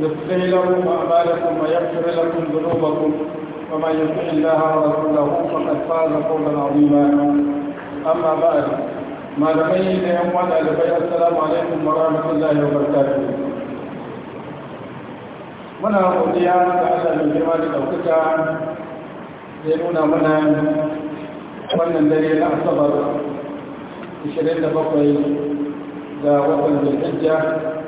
يصلح لكم أعمالكم ويغفر لكم ذنوبكم ومن يطع الله ورسوله فقد فاز قولا عظيما أما بعد ما لبيك يوم لبيك السلام عليكم ورحمة الله وبركاته muna godiya ga Allah mai girma da ɗaukaka ya nuna mana wannan dare na asabar 27 ga watan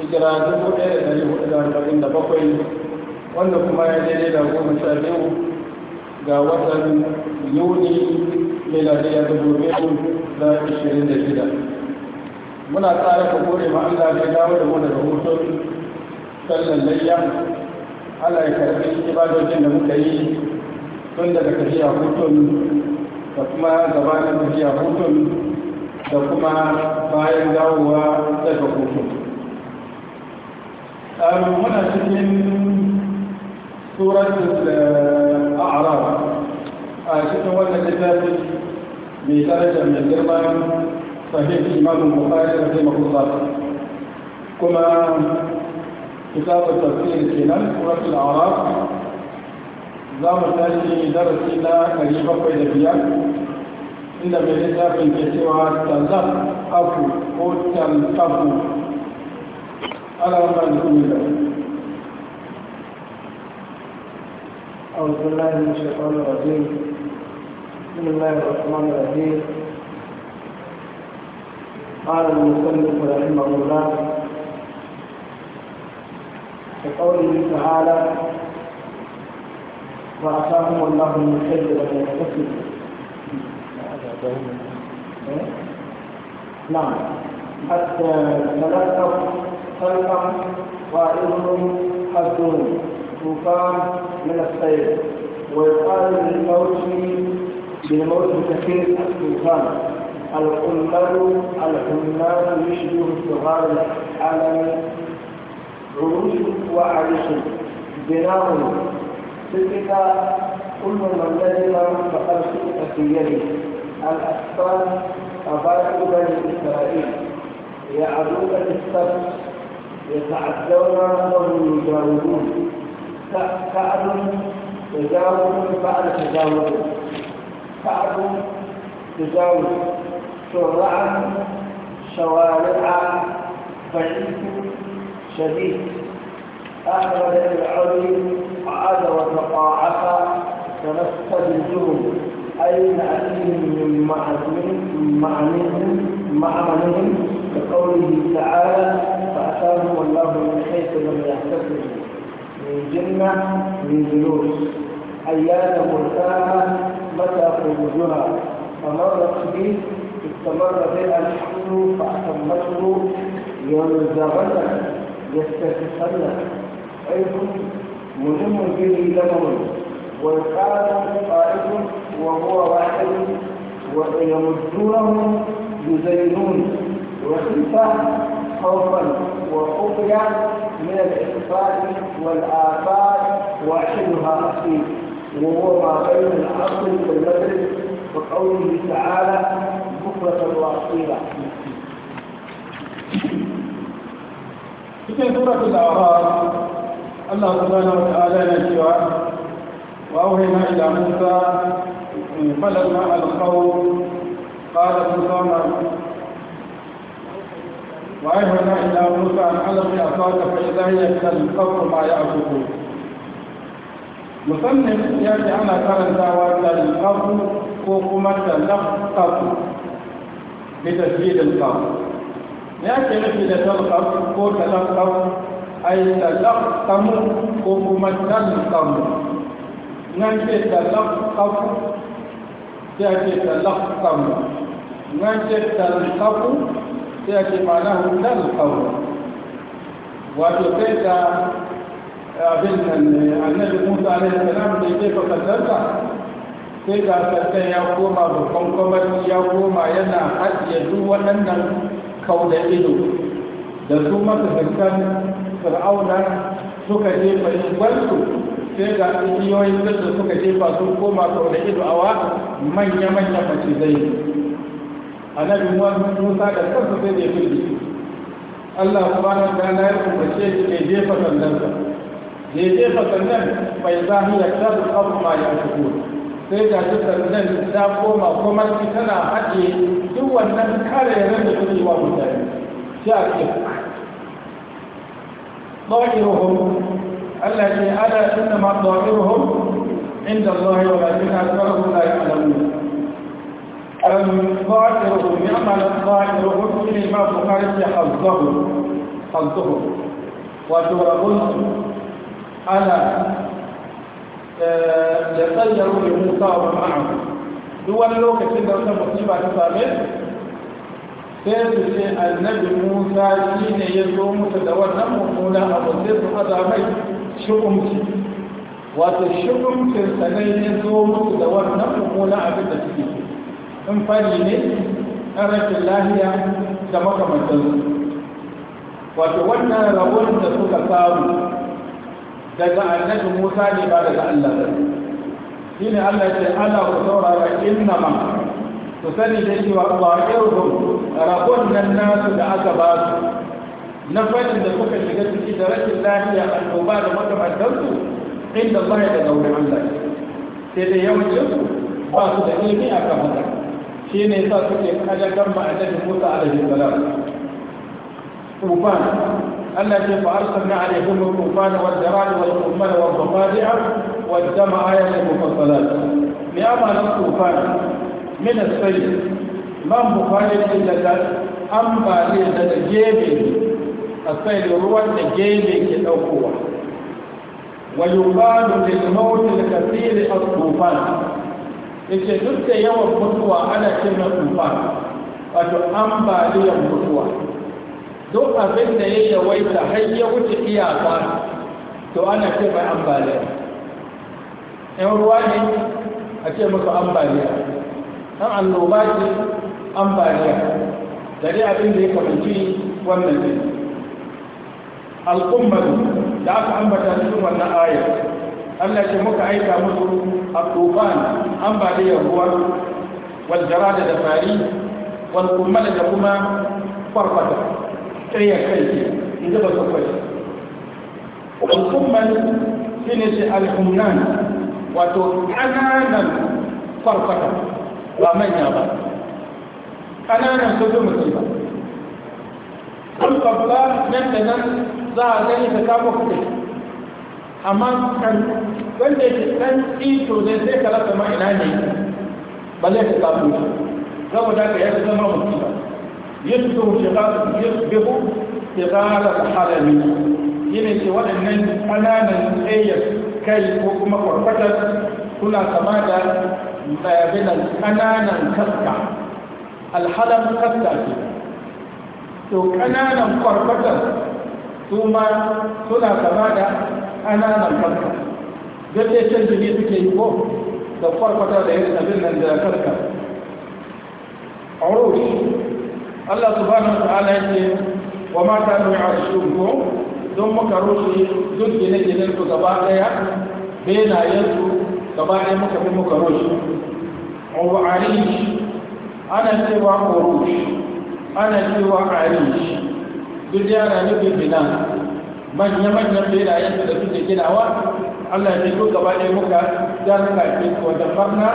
hijira dubu ɗaya da ɗari hudu da arba'in da bakwai wanda kuma ya daidai da goma sha biyu ga watan yuni miladiya dubu biyu da ashirin da shida muna tsara ka gode ma Allah da dawo da mu daga hutun sallan layya Allah ya karɓi ibadojin da muka yi tun daga tafiya hutun da kuma gabanin tafiya hutun da kuma bayan dawowa daga hutun muna cikin suratul a'raf a cikin wannan littafi mai daraja mai girma sahih imam bukhari rahimahullah kuma kitab tafsir kenan suratul a'raf za mu tashi darasi na ɗari bakwai da biyar inda mai littafin ke cewa tanzan afu ko tanzafu على من أمله أعوذ بالله من الشيطان الرجيم بسم الله الرحمن الرحيم قال المسلم رحمه الله في قوله تعالى وعصاهم الله من الحج أن يحتسب نعم حتى تلقوا خلقا قائدهم حدون طوفان من السير ويقال للموت للموت كثير الطوفان القمل الحمار يشبه الصغار العالم عروش وعرش بناء تلك كل من لزم فقد سلك في يده الاسباب اباد بني إسرائيل يعدون للسبت يتعدون ويجاوبون فعل تجاوز فعل تجاوز فعل تجاوز شرعا شوارع بعيد شديد أحمد العلي عاد وتقاعس تنفذ الجهد أي نأتيهم من معنهم معنهم معنهم كقوله تعالى أتاهم الله من حيث لم يحتسب من جنة من جلوس أيام مرتاحة متى خروجها فمرت به استمر بها الحمل فأتمته يلزمنا يستفسرن عيب مهم به لهم ويقال قائد وهو واحد ويمدونهم يزينون وخيفة خوفا وخفيا من الاحتفال والآثار وحدها في وهو ما بين العصر والمدرس وقوله تعالى بكرة وأصيلا. في سورة الأعراف الله سبحانه وتعالى نجوى وأوهينا إلى موسى انقلبنا القوم قال موسى وأيهنا إلى موسى أن ألق أصاك فإذا هي تلقف ما يأكلون musamman ya ce ana karantawa talqafu ko kuma talqafu bi tasjidil qaf ya ce nufi da talqaf ko talqaf ay talqamu ko kuma talqamu nan ce talqafu ya ce talqamu nan ce talqafu sai a ce ma'anahu kawo wato sai da abin nan annabi musa da nan da ke fakatarsa sai ga sarkan ya koma babban kwamar ya koma yana haɗiye duk waɗannan kawo da ido da su matafiskan fir'auna suka jefa gwarsu sai ga igiyoyin da suka jefa sun koma kawo da ido awa manya-manya zai annabi Musa da kansa sai da ya fili Allah subhanahu wa ta'ala ya umarce shi ya jefa sandansa da ya jefa sandan bai zahiya ta tsabu ma ya fito sai ga shi sandan ta koma kuma shi tana haɗe duk wannan karayar da suke wa mutane shi a ce ضائرهم التي ألا إنما ضائرهم عند الله ولكن أكثرهم لا يعلمون الظاهر نعم الظاهر مسلم ما بخاري حظه حظه وترغب أنا يسير لموسى ومعه دول لوكتين da wata musiba ta same sai su ce annabi musa shi ne ya zo musu da wannan mummuna abu sai su haza mai shi'umci wato shi'umcin sa ne ya zo musu da wannan mummuna abin da suke in fari ne in rashin lahiya da makamantansu wato wannan rabon da suka samu daga annabi musa ne ba daga allah ba shi ne allah ce allah ku saurara inna ma ku sani da cewa ƙwa'irhum rabon nan nasu da aka ba su na fannin da suka shiga ciki da rashin lafiya annoba da makamantansu inda ba ya da gaurin allah sai da yawancin ba su da ilimi a kan haka shi ne sa suke adagan ma'adabi musa alaihi salam tufan Allah ce fa arsalna alaihim tufan wa jarad wa qummal wal dhamadi'a wal dama ayatin mufassalat ni amana tufan min as-sayy man bukhari da an ba ambaliya daga gebe السيل الروان جيبي كالأقوة ويقال للموت الكثير tufan yace duk da yawan mutuwa ana cin na tufa wato ambaliyar mutuwa duk abin da ya yawaita har ya wuce iyaka to ana ce mai ambaliyar. yan ruwa ne a ce muku ambaliya an annoba ce ambaliya da dai abin da ya kwanci wannan ne al'ummar da aka ambata cikin wannan ayar Allah ce muka aika musu a tufan ambaliyar ruwa wal jarada da fari wal kummala da kuma farfata tsayar kai ke in ji ba su kwai wal kummal shi ne shi alhumnan wato ƙananan farfata ba manya ba ƙananan su zuma ce ba kun kabla nan da nan za a gani ta kama kuɗi amma kan wanda yake dan ito ne sai ka rasa ma ina ne ba zai ka samu shi saboda ka ya zama biyar yadda shiga yadda tsirara halami yana ce waɗannan ƙananan tsayar kai ko kuma kwarfatar suna kama da eh, bayanan ƙananan kaska alhalar kaska ce to ƙananan kwarfatar su ma suna kama da ƙananan farka duk da canji ne suke yi ko da farfata da yin abin nan da karka aurori Allah subhanahu wa ta'ala yake wa ma ta nuna arshun ko don muka rushe duk gine-ginen su gaba ɗaya benayen yanzu gaba ɗaya muka fi muka rushe aurori ana cewa aurori ana cewa arish duk yara na bibina manya-manyan berayen da suke ginawa allah ya zo gaba ɗaya muka jalaka ke wata farna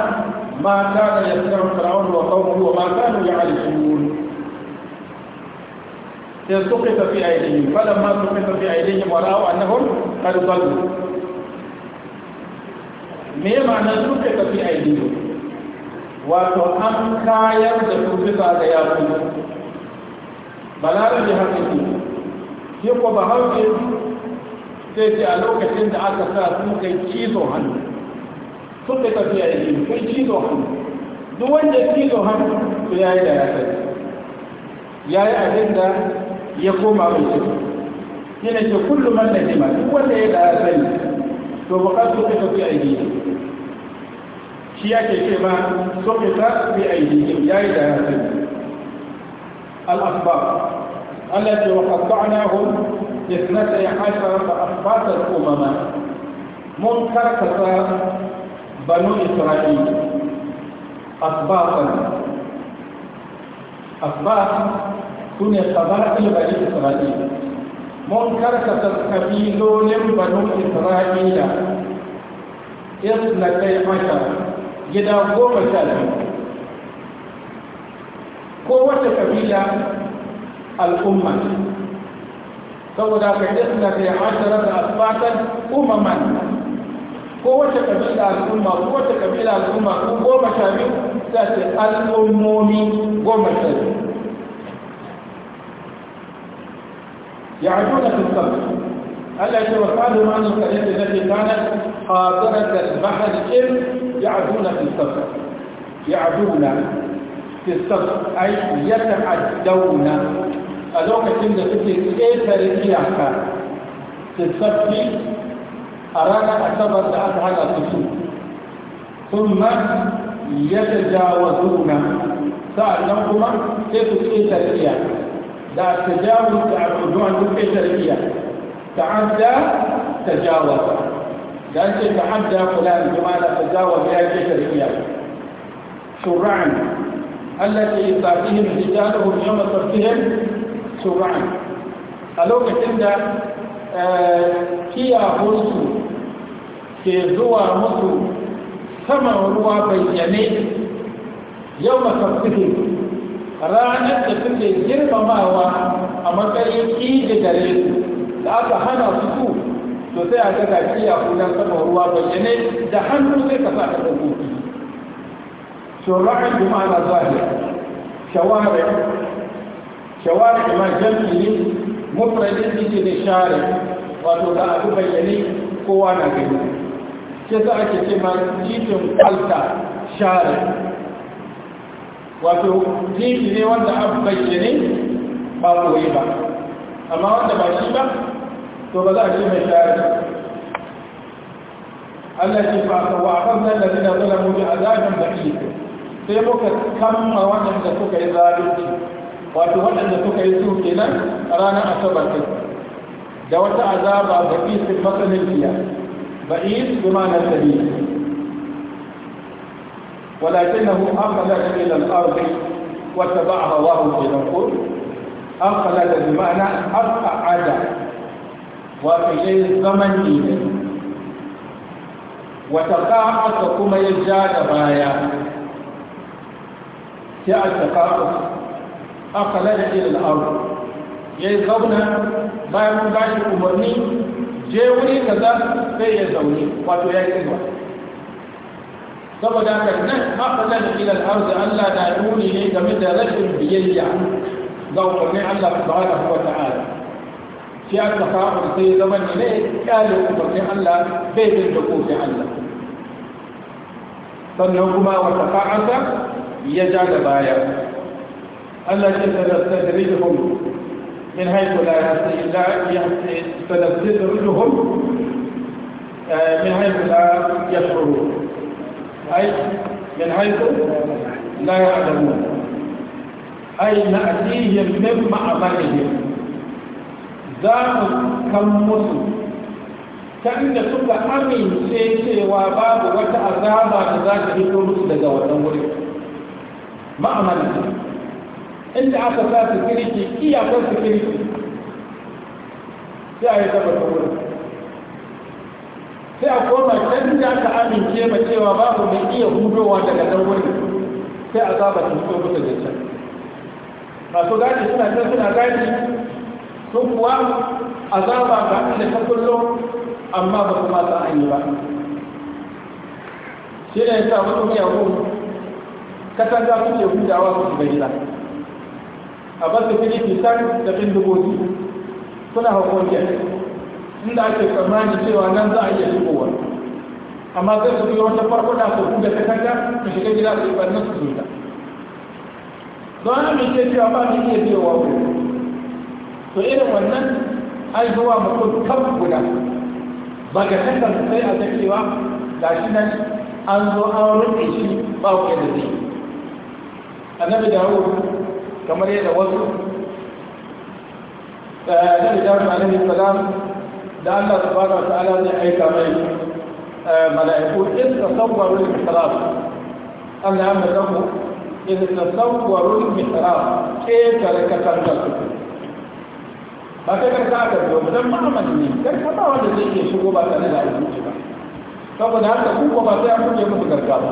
ma ta da ya tsar fir'aun wa qawmuhu wa ma kanu ya'lamun sai suka tafi aidihim falamma suka tafi aidihim wa ra'u a qad dallu me ma'anar suka tafi aidihim wato an kayar da su da ga yakubu da haka ke shi ko ba hauke sai ce a lokacin da aka sa sun kai cizo hannu sun kai tafiya ya yi kai cizo hannu duk wanda cizo hannu su ya yi da ya sai ya yi abin da ya koma mai shi yana ce kullum man da ma, duk wanda ya da ya sai to bukatu kai tafiya ya yi shi ya ke ce ma sun kai tafiya aiki yi ya yi da ya sai الأخبار التي وقطعناهم اثنتي عشرة أخبار الأمم منكركة بنو إسرائيل أسباطا أخبار كن قبائل لبني إسرائيل منكركة قبيلون بنو إسرائيل اثنتي عشرة جدا قوم شاذ kowace kabila al'umma saboda ka isna ya asharar da asfatan umaman kowace kabila al'umma kowace kabila al'umma ko goma sha biyu za ce al'ummomi goma sha biyu ya hajjuna fi sabbi ألا يتوفعهم عن القرية التي كانت قاطرة البحر إذ يعدون في السفر يعدون في الصدق أي يتعدون ألوك كنت تكي إيتر إياك في الصدق أرانا أتبر لأسهل الرسول ثم يتجاوزون سألناكما كيف إيتر إياك لا تجاوز عن عندك إيتر إياك تعدى تجاوز لأنك تعدى فلان بمعنى تجاوز يا إيتر إياك شرعا التي تعطيهم رجالهم يوم صرفهم سرعا a lokacin da eh, kiyahunsu ke zuwa musu saman ruwa bayyane yau masarfihin ranar da suke girmamawa a matsayin ƙiji gare su da aka hana su su to sai a daga kiyahunan saman ruwa bayyane da hannu sai ka sa ta شوارع بمعنى ظاهر شوارع شوارع ما جمعه مفرد ذكر الشارع wato da abu bayyane kowa na gani ce za a ke ce ma titin kwalta share wato titi ne wanda abu bayyane ba koyi ba amma wanda ba shi ba to ba za a ce mai share Allah ce ba wa a kan zan da zina zana mutu a zafin da iya sai muka kama waɗanda suka yi zalunci wato waɗanda suka yi su kenan ranar asabar ɗin da wata azaba ga isin masanarciya ba is bi ma'anar sabi ولكنه أخلد إلى الأرض واتبع هواه بنقول أخلد بمعنى أبعد وفي الزمن إليه وتقاعس كما يجاد بايا جاء التقاطف أقلد إلى الأرض yayi zauna bayan mun ba shi umarni je wuri kaza sai ya zaune wato ya yi ba saboda haka nan aqlan ila al-ard Allah na nuni ne game da rashin biyayya ga umarnin Allah subhanahu wa ta'ala shi ta fa'u sai zama ne kyale umarnin Allah bai bin da kofin Allah sannan kuma wata fa'asa يجعل بايا الله جل تدريجهم من حيث لا يستدرجهم آه، من حيث لا يشعرون أي من حيث لا يعلمون أي نأتيهم من معبرهم ذا كم مسلم kanda suka amince cewa babu wata azaba da za ta fito musu daga wannan ma'amalin inda aka sa sikiriki iyakar kirki sai a yi saba saboda sai a koma can da aka amince ma cewa babu mai iya hudowa daga nan wurin sai a zaba su so buga da can masu gashi suna can suna gashi sun kuwa a zaba ga inda ta kullum amma ba su mata an yi ba shi ne ya sa wasu miyagun katanga kuke hutawa ku shiga gida a basu fili fitar da fin dubobi suna hukunci inda ake tsammani cewa nan za a iya shigowa amma zai su biyo wata da su huda katanga su shiga gida su yi barna su zuta don haka mai ke cewa ba mai iya cewa ku to irin wannan an zuwa mutum kan guda ba ga kasar sai a ta cewa ga shi nan an zo an rufe shi ba ku yadda zai annabi dawud kamar yadda wasu annabi dawud alaihi salam da Allah subhanahu wa ta'ala zai aika mai mala'iku in tasawwaru al-mihrab Allah ya madahu in tasawwaru al-mihrab ke tarkatan da ba ta karka aka zo dan Muhammad ne karka ba wanda zai iya shigo ba tare da aiki ba saboda haka ku ba sai an kuje musu karka ba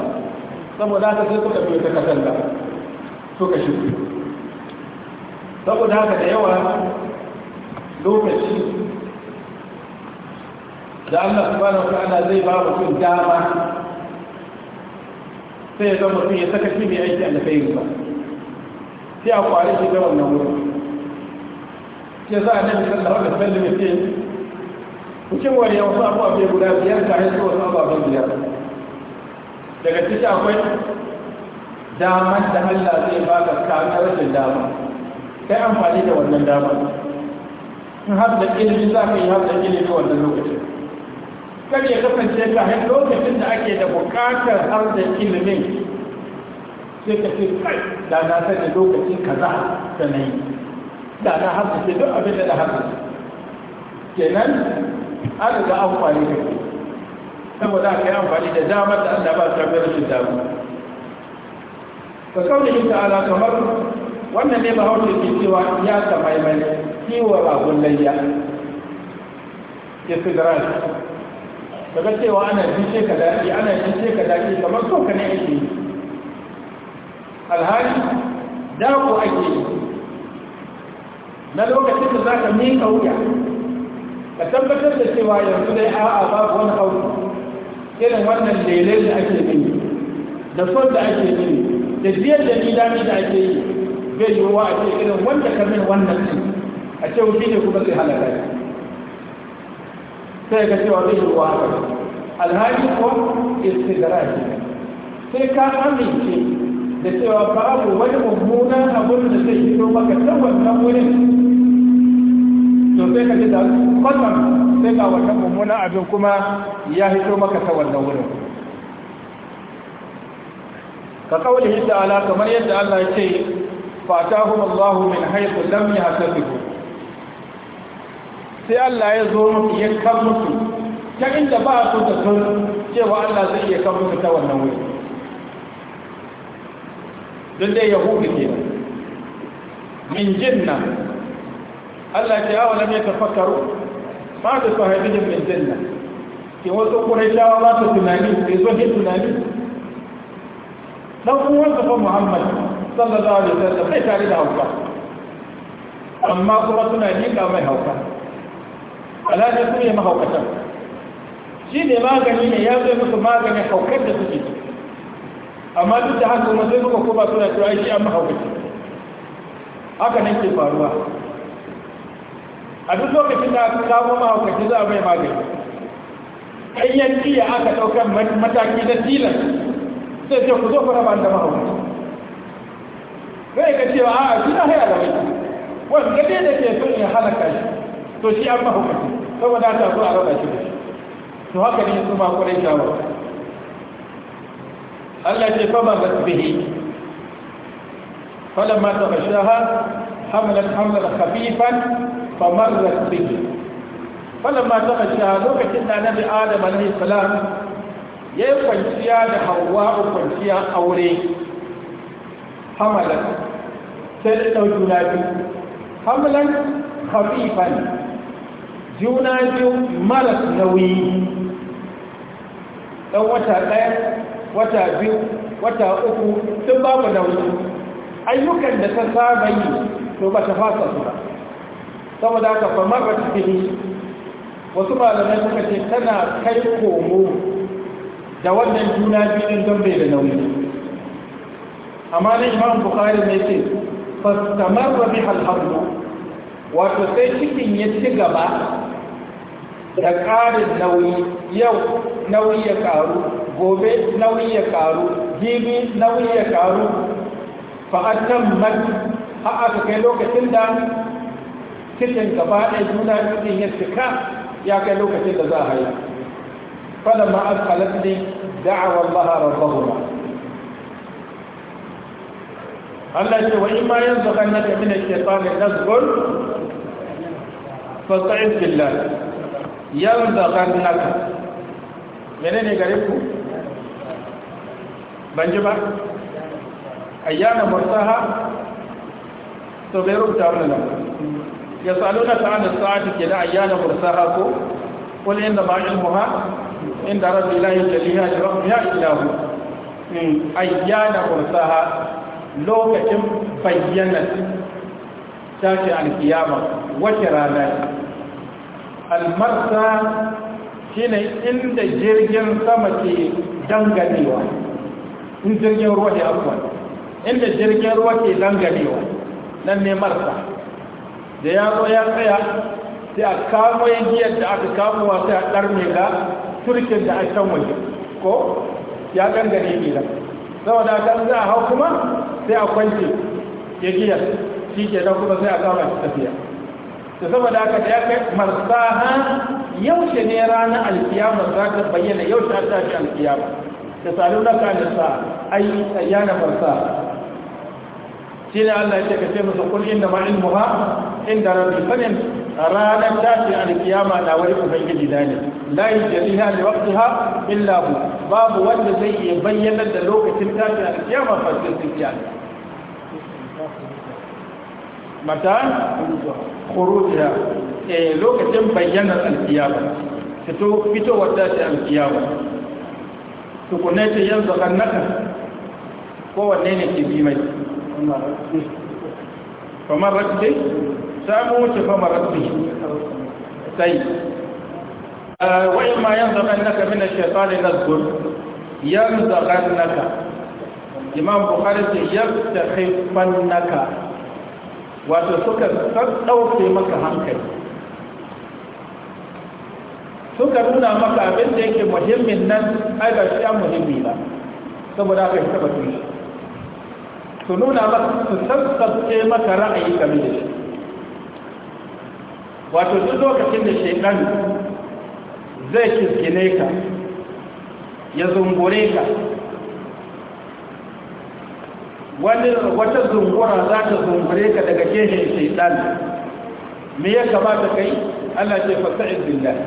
saboda haka sai suka biyo ta katanga suka shigo saboda haka da yawa lokaci da Allah subhanahu wa ta'ala zai ba cin dama sai ya zama su ya saka shi mai aiki a alkhairi ba sai a kwari shi ga wannan wuri sai za a nabi sallallahu alaihi wasallam ya ce Kucin wani yawon wasu a fiye guda biyar ka da wasu abubuwa biyar daga ciki akwai damar da Allah zai baka kamar rashin dama kai amfani da wannan damar in har da ilimi za ka yi har da ilimi wannan lokacin kar ya ka hin lokacin da ake da bukatar har da ilimin sai ka ce kai da na sani lokacin kaza da na yi da na har da duk abin da na har da kenan an ga amfani da saboda ka yi amfani da damar da Allah ba ta bai rashin damar ka kauli ita ala kamar wannan ne bahaushe ke cewa ya ta maimai kiwo ragon layya istidrak daga cewa ana jishe ka daɗi ana jishe ka daɗi kamar so ka ne ake yi alhali dako ake yi na lokacin da za ka miƙa wuya ka tabbatar da cewa yanzu dai a'a babu wani aure irin wannan lele da ake yi da son da ake yi da biyar da ni dami da ake yi bai yi wa a ce irin wanda ka min wannan ce a ce wuce ne kuma sai halaka sai ka cewa bai yi wa haka alhaji ko istigara sai ka amince da cewa babu wani mummunan abun da zai fito maka ta wannan wurin to sai ka ji da kwatsam sai ga wannan mummunan abin kuma ya fito maka ta wannan wurin ka kawai ala kamar yadda Allah ya ce fatahum Allah min haythu lam yahtasibu sai Allah ya zo musu ya kan musu ta inda ba su da sun cewa Allah zai iya kan musu ta wannan wuri don dai yahudu ke min jinna Allah ya yawo lam yatafakkaru ba da sahabijin min jinna ke wasu qurayshawa ba su tunani sai zo tunani dan uwan sa Muhammad sallallahu alaihi wasallam sai tare da hauka amma kuma suna nika mai hauka alhaji su ne mahaukatan shi ne magani ne ya zai musu maganin haukar da suke amma duk da haka kuma sai suka kuma suna cewa shi an mahaukaci haka nan ke faruwa a duk lokacin da aka samu mahaukaci za a mai magani ɗanyen iya aka ɗaukar mataki na tilas sai ce ku zo ku raba da mahaukaci zai ga cewa a shi na haya da Wani wanda ne da ke son ya halaka shi to shi an mahaukaci saboda ta zo a raba shi da shi to haka ne su ma kwarai shawo Allah ce fa ba ga bihi falamma ta bashaha hamalat hamlan khafifan famarrat bihi falamma ta bashaha lokacin da annabi adam alaihi salam ya yi kwanciya da a kwanciya aure hamalan sai da ɗau juna biyu hamalan hafifan juna biyu maras nauyi ɗan wata ɗaya wata biyu wata uku sun mu nauyi ayyukan da ta saba yi to ba ta fasa su ba saboda aka fama ba ta wasu malamai suka ce tana kai komo da wannan juna biyun don bai da nauyi amma na imam bukari mai ce fastamar rabi alhamdu wato sai cikin ya ci gaba da ƙarin nauyi yau nauyi ya ƙaru gobe nauyi ya ƙaru jibi nauyi ya ƙaru fa'atan man ha'a kai lokacin da cikin gaba da juna biyun ya cika ya kai lokacin da za a haihu فلما أدخلتني دعوا الله ربهما الله وإما ينزغنك من الشيطان نزغ فاستعذ بالله ينزغنك menene gare ku ban ji ba ayyana murtaha to bai rubuta wannan nan ya saluna ta'ala sa'ati kida ayyana murtaha ko qul inna ma'ilmuha inda rabbi lahi Jami'a la ilaha illa hu in ayyana qursaha lokacin bayyana tashi alkiyama wace rana almarsa shine inda jirgin sama ke danganewa in jirgin ruwa ne abuwa inda jirgin ruwa ke danganewa nan ne marsa da ya zo ya tsaya sai a kamo yagiyar da aka kamowa sai a ɗarme ga turkin da a can waje ko ya gangare gidan saboda kan za a hau kuma sai a kwance ya giya shi ke da kuma sai a kama shi tafiya da saboda haka da ya kai marsaha yaushe ne ranar alkiyama za ta bayyana yaushe an tashi alkiyama da salu na sa ai yana marsa shi ne allah ya ce ka ce musu kul inda ma muha inda rabbi sanin ranar a alkiyama na wani ubangiji na ne la da li ha illa hu babu wanda zai iya bayyana da lokacin tashin a fa sai sai mata khuruja a eh, lokacin bayyanar alkiyama fito fitowar ce alkiyama tukunai ce yanzu annaka kowanne ne ke bi mai kamar dai. ta wuce fa marabbi sai eh, wa in ma yanzu kan naka min ash-shaytan nazgur yanzu kan naka imam bukhari ce yabta khaifan naka wato suka dauke maka hankali suka nuna maka abin da yake muhimmin nan ai ba shi muhimmi ba saboda aka yi taba tunani su nuna maka su sassabce maka ra'ayi game da shi wato duk lokacin da shaiɗan zai kiskine ka ya zungure ka wani wata zungura za ta zungure ka daga gehen shaidan me ya kamata kai Allah ce fasa'id billah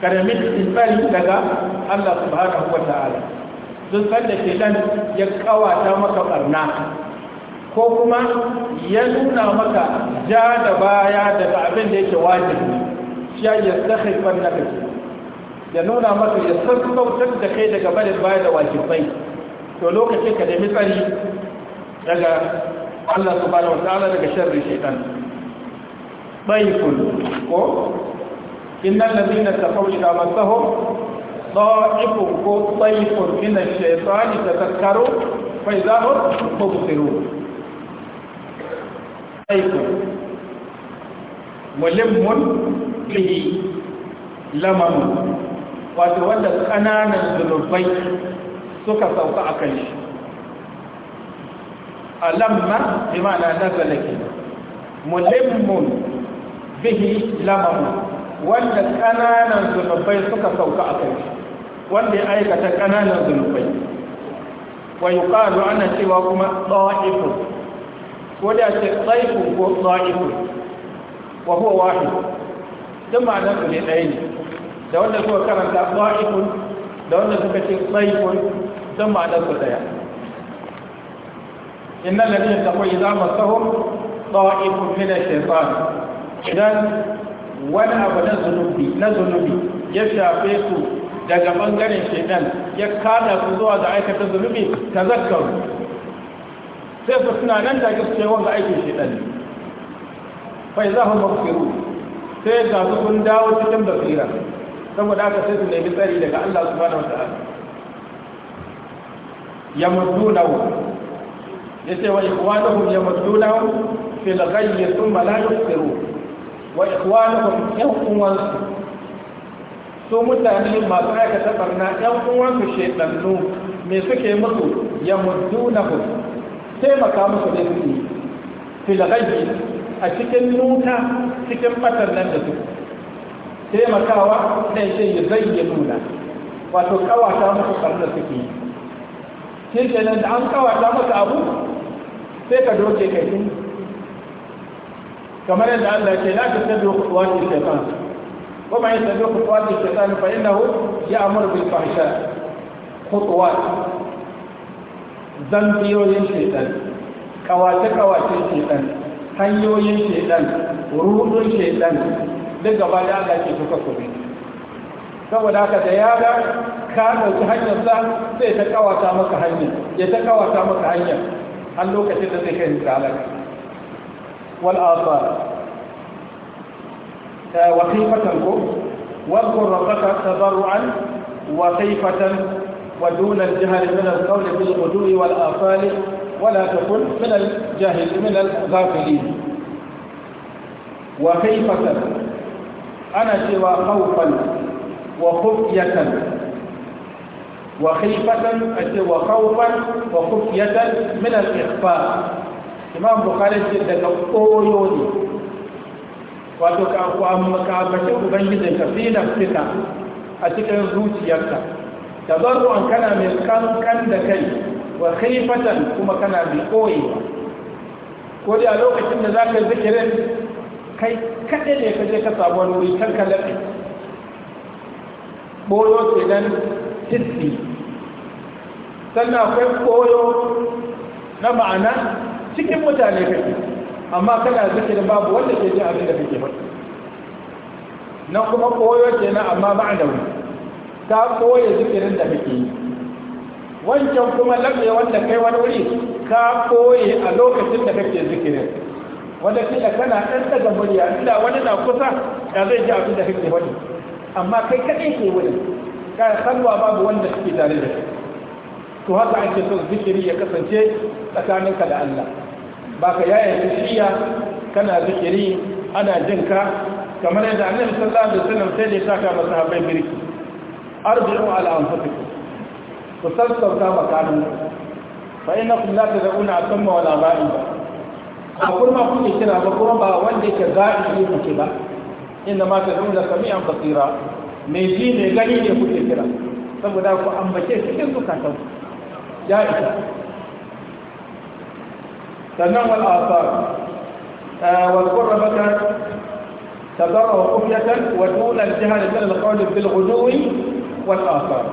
karamin isbari daga Allah subhanahu wa ta'ala duk sanda shaiɗan ya kawata maka barna ko kuma ya nuna maka ja da baya daga abin da yake wajibi shi ya na naka ya nuna maka ya sassautar da kai daga barin baya da wajibai to lokacin ka da tsari daga Allah subhanahu wataala daga sharri shaitan kun ko innal ladina taqaw ila mansahum ضائفٌ كو ضيف من الشيطان تذكروا fa هم مبصرون aiku mulimmun bihi lamamun wato wanda kananan zunubai suka sauka a kan shi alamma bi ma'ana nazala ke mulimmun bihi lamamun wanda kananan zunubai suka sauka a kan shi wanda ya aikata kananan zunubai wa yuqalu ana cewa kuma ɗa'ifu ko da ce tsaifin ko tsaifin wa huwa wahid duk ma'anar su ne ɗaya ne da wanda suka karanta tsaifin da wanda suka ce tsaifin duk nan su ɗaya inna ladina taqwa idza masahum ta'ifun min ash-shaytan idan wani abu na zunubi na zunubi ya shafe su daga bangaren shaytan ya kada su zuwa ga aikata zunubi tazakkaru sai su suna nan da cewa wanga aikin shi ɗan fa za hum mafiru sai ga su kun dawo cikin basira saboda haka sai su nemi tsari daga Allah subhanahu wa ta'ala ya mutu na ya ce wa ikwanahum ya mutu na fil ghayyi thumma la yusiru wa ikwanahum yan uwansu su mutane masu aikata barna yan uwansu shedannu me suke musu ya mutu na taimaka musu da suke filagai a cikin nuta cikin batar nan da su taimakawa ɗan shi yi zai nuna wato kawata musu da suke yi shi nan da an kawata musu abu sai ka doke kai kamar yadda Allah ke la tattabi khutuwati shaytan wa man yattabi khutuwati na hu ya amur bil fahishar khutuwati zambiyoyin shaitan kawace-kawacen shaitan hanyoyin shaitan rudun shaitan duk gaba da Allah ke suka kuri saboda aka da yara ka ɗauki hanyarsa sai ta kawata maka hanyar ya ta kawata maka hanyar har lokacin da zai kai ga wal asar eh, wa ko wa qurrata tadarruan wa ودون الجهل من القول في الغدو والآفال ولا تكن من الجاهل من الغافلين وخيفة أنا سوى خوفا وخفية وخيفة سوى خوفا وخفية من الإخفاء إمام بخاري جدا أويوني wato ka ambaci بين fi nafsika a cikin zuciyarka tabarru'an kana mai kankan da kai wa kaifatan kuma kana mai koyewa ko da lokacin da za ka yi zikirin kai kaɗai ne ka je ka samu wani wuri kan ka lafi kenan hissi sannan akwai koyo na ma'ana cikin mutane kai, amma kana zikirin babu wanda ke jin abin da kake ba. na kuma koyo kenan amma ma'anawi ka koya zikirin da kake yi wancan kuma lamme wanda kai wani wuri ka koye a lokacin da kake zikirin wanda kila kana ɗan daga murya inda wani na kusa da zai ji abin da kake wani amma kai kaɗai ke wuri ka sanwa babu wanda kake tare da shi to haka ake so zikiri ya kasance tsakaninka da Allah ba ka yaya shiya kana zikiri ana jinka kamar yadda annabi sallallahu alaihi wasallam sai da ya saka masahabai birki أرجعوا على أنفسكم وسلسلوا كما كانوا فإنكم لا تدعون أتم ولا غائبا أقول ما كنت كنا بقرب ولك غائب كبا إنما تدعون سميعا بصيرا ميزين غني يكون كنا saboda ku ambace cikin zukatan ya جائزة sannan wal asar wal qurrabata tadarru qufyatan wa dun al jahl min qawl bil ghudwi wal’afar.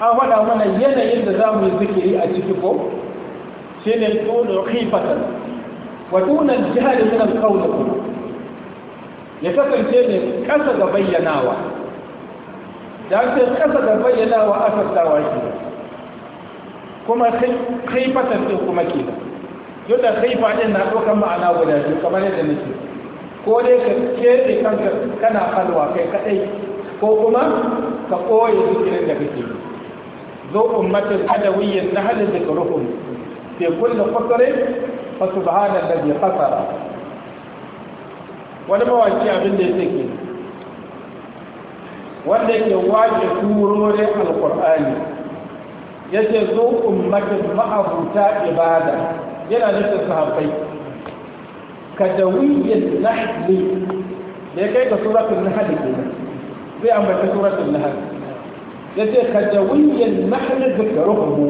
A waɗa mana yanayin da za mu yi zikiri a ciki ko, shi ne tono kifatar, waɗunan jihar yana kawo da ya kasance ne ƙasa da bayyanawa, da ake ƙasa bayyanawa a sassawa ke, kuma kifatar ce kuma ke, yau da kifatar na ɗaukar ma'ana guda shi kamar yadda nake, ko dai ka ce kanka kana halwa kai kaɗai ko kuma ka ɓoye zikirin da kake zo ummatin adawiyyin na halin da kuruhun fi kulli qasrin fa subhana alladhi qasara wani mawaki abin da ya ke wanda yake waje turore ya ce zo ummatin ma'abuta ibada yana nufin sahabbai kadawiyyin nahli da ya kai ga suratul nahl kenan zai ambaci suratul nahl yace kadawiyyan mahna zikruhu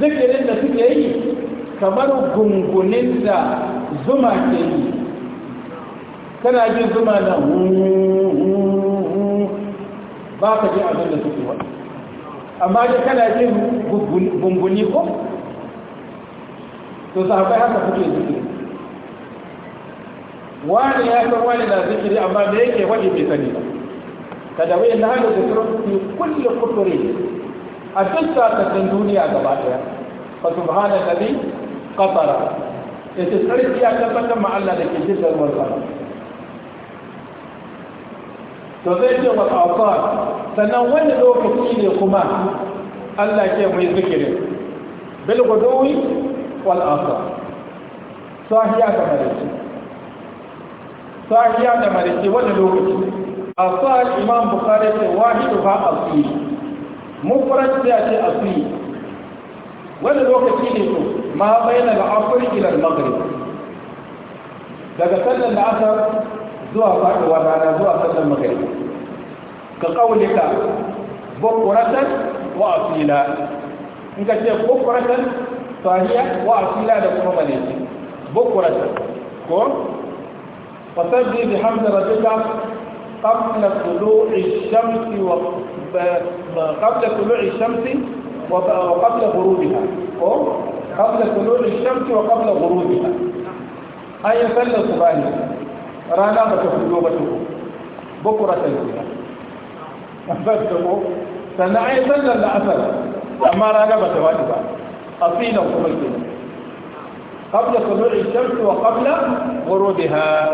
zikirin da suke yi kamar gungunin da zuma ke yi kana jin zuma na ba ka ji abin da suke ba. amma da kana jin gunguni ko to sahabai haka suke zikiri wani ya san wani na zikiri amma da yake wani bai sani ba كدوي الله ذكر في كل قطر أتسع تسندوني أقبالها فسبحان الذي قطر يتسرد فيها كتبت مع الله لكي لك والغرب والقلم وذلك والأعصار سنوان لوكتين القماء الله كيف يذكره بالغدو والآثار صاحيا تمريكي صاحيا تمريكي ولا لوكتين a sa imam bukari ce wahidu ha asiri mufrad sai a ce asiri wani lokaci ne to ma bayyana da afir ilar maghrib daga sallar da asar zuwa faɗuwa rana zuwa sallar maghrib ka kaulika bukuratan wa asila in ka ce bukuratan sahiya wa asila da kuma malaki bukuratan ko fasabbi bi hamza rabbika قبل طلوع الشمس وقبل طلوع الشمس وقبل غروبها قبل طلوع الشمس وقبل غروبها أي فل الصباح رانا بتفضلوا بتفضلوا بكرة تنسيها أفضلوا سنة أي صلى الأسر أما رانا بتواجبها أصيلا قبل طلوع الشمس وقبل غروبها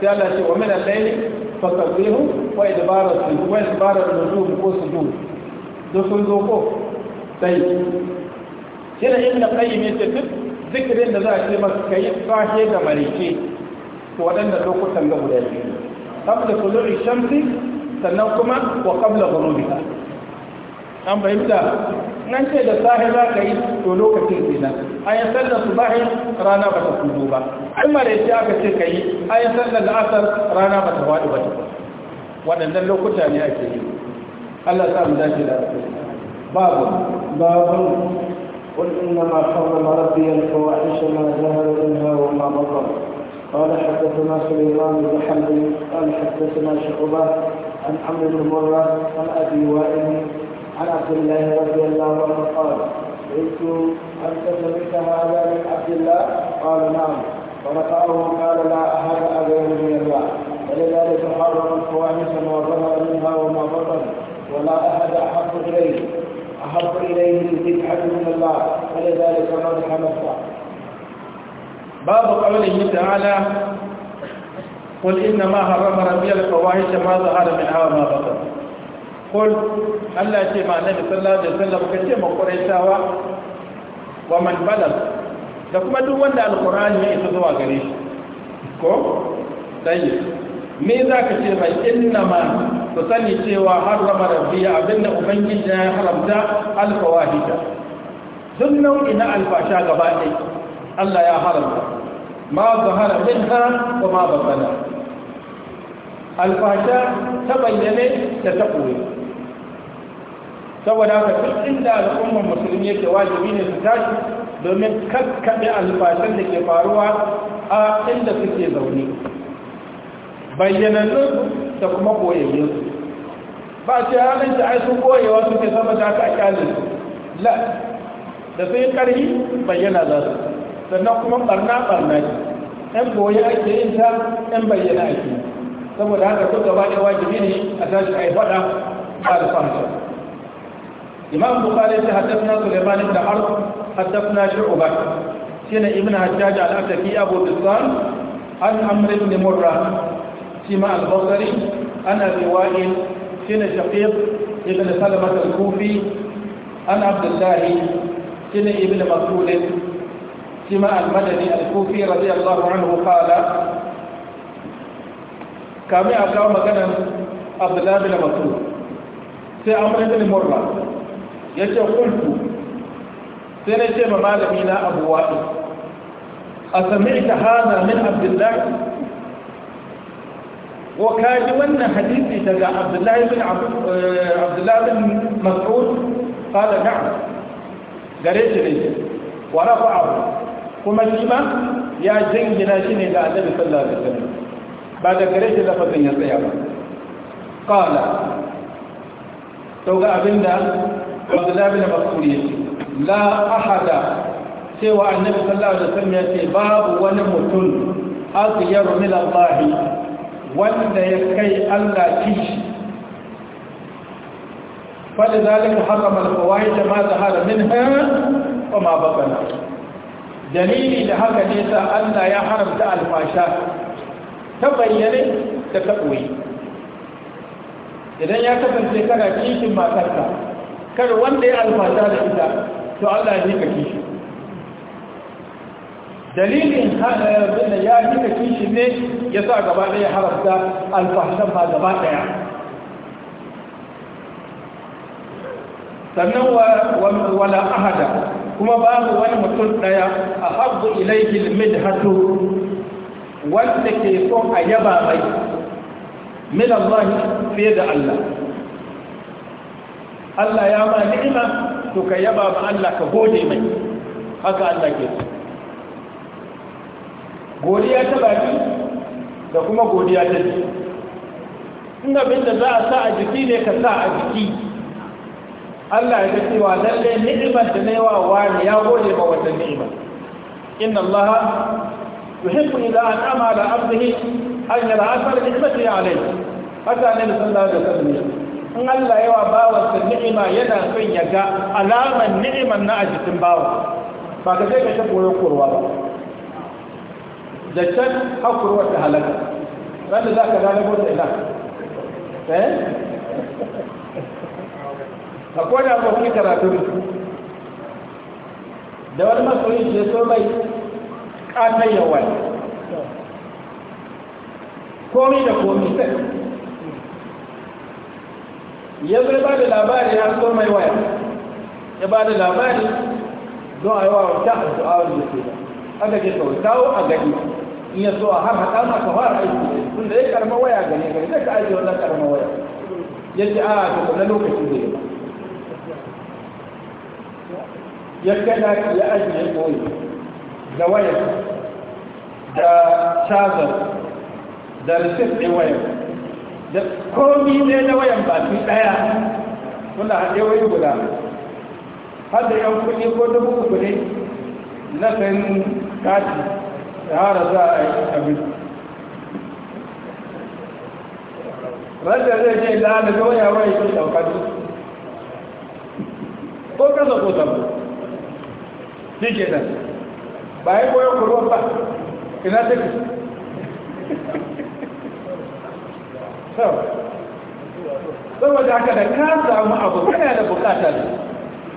sai Allah ce wa min al-layli fasabbihu wa idbara sujud wa idbara nujum ko sujud da sun zo ko sai shi da ibn qayyim ya ce duk zikirin da za a ce maka kai sahe da marike to waɗanda lokutan ga guda biyu qabla tulu'i shamsi sannan kuma wa qabla ghurubiha an bayyana nan ce da sahi za ka yi to lokacin kenan ayan sallar su bahi rana ba ta kudu ba in maraice aka ce ka yi ayan sallar da asar rana ba ta waɗi ba waɗannan lokuta ne ake yi Allah sa mu dace da babu babu قل إنما حرم ربي الفواحش ما ظهر منها وما بطن قال حدثنا سليمان بن حمد قال حدثنا شعبة عن عمرو بن مرة عن أبي وائل عن عبد الله رضي الله عنه قال قلت أنت سمعت هذا من عبد الله قال نعم فرفعه قال لا أحد اغير من الله ولذلك حرم الفواحش ما ظهر منها وما بطن ولا أحد أحق إليه أحق إليه الذبح من الله ولذلك مدح نفسه باب قوله تعالى قل إنما حرم ربي الفواحش ما ظهر منها وما بطن kul Allah ce ma annabi sallallahu alaihi wasallam ka ce ma quraishawa wa man balal da kuma duk wanda alqur'ani ya isa zuwa gare shi ko sai me za ka ce mai inna ma ku sani cewa harrama rabbiya abinda ubangiji ya haramta alfawahida duk nau'i na alfasha gaba ɗaya Allah ya haramta ma zahara minha wa ma batana alfasha ta bayyane da ta koyi saboda haka duk inda al'ummar musulmi yake wajibi ne su tashi domin kakkaɓe alfashin da ke faruwa a inda suke zaune bayyanannun da kuma koyayyen ba ce halin da ai sun koyewa suke sama da aka kyalin la da sun yi ƙarfi bayyana za su sannan kuma ɓarna ɓarna ce ɗan koyi ake yin ta ɗan bayyana ake saboda haka duk gaba ɗaya wajibi ne a tashi a yi faɗa ba da fahimta إمام بخاري حدثنا سليمان بن حرب حدثنا شعبة سنة ابن حجاج الأتكي أبو بسان عن عمرو بن مرة سماء البصري عن أبي وائل سنة شقيق ابن سلمة الكوفي عن عبد الله سنة ابن مسعود سماء المدني الكوفي رضي الله عنه قال كما أقام مكانا عبد الله بن مسعود سي عمرو بن مرة ya ce kultu sai na ce ma malami na abu waɗi a sami ita hana min abdullahi wa kaji wannan hadisi daga abdullahi bin eh, abdullahi bin mas'ud fada na? gare shi ne wa abu. kuma shi ma ya jingina shi ne da annabi sallallahu alaihi wasallam ba da gare shi lafazin ya tsaya ba qala to ga abinda abdullah bin mas'ud yace la ahada cewa annabi sallallahu alaihi wasallam yace babu wani mutum aghyaru min Allah wanda ya kai Allah kishi فلذلك حرم الفواحش ما ظهر منها وما بطن dalili da haka ne sa Allah ya haramta alfasha ta bayyane da ta ɓoye idan ya kasance kana kishin matarka kar wanda ya alfata da ita to Allah ya nika kishi dalilin hada ya nika kishi ne ya sa gaba ɗaya haramta alfahshan ba gaba ɗaya sannan wala ahada kuma babu wani mutum ɗaya a haɗu ilaihi midhatu wanda ke son a yaba mai min Allah fiye da Allah Allah ya ba ni'ima to ka yaba ma Allah ka gode mai haka Allah ke so godiya ta baki da kuma godiya ta ji in abin da za a sa a jiki ne ka sa a jiki Allah ya ce wa lalle ni'imar da naiwa wani ya gode ma wannan ni'imar inna Allah yuhibbu idza an'ama ala abdihi an yara asar ni'mati alayhi haka ne sallallahu alaihi wasallam in Allah yawa bawansa ni'ima yana son ya ga alaman ni'iman na a jikin bawa ba ka sai ka shi koyon kurwa ba da can hakurwa ta halaka wanda za ka gane motsa ila eh a koda ba kuma karatu da wani masoyi shi so mai kanayyawa komi da komi sai ya zai ba da labari ya zo mai waya ya ba da labari don a yi wa wata addu'a wanda ke da aka ce kawai kawo a gani in ya zo a har haɗa ma ka aiki tun da ya karma waya gani gani zai ka aiki wannan karma waya ya ce a ta kuma lokaci zai yi ya kada ya ajiye koyi da waya. da shazar da risit ɗin wayar da komi ne na wayan baki daya muna haɗe wayi guda har da yan kuɗi ko dubu uku ne na sayan kati da hara za a yi abin rada zai ce da ana waya waya ke ɗaukar ko kasa ko sabo shi ke nan ba yi koyon kuruwa ba ina take saboda haka da ka samu abu kana da bukata ne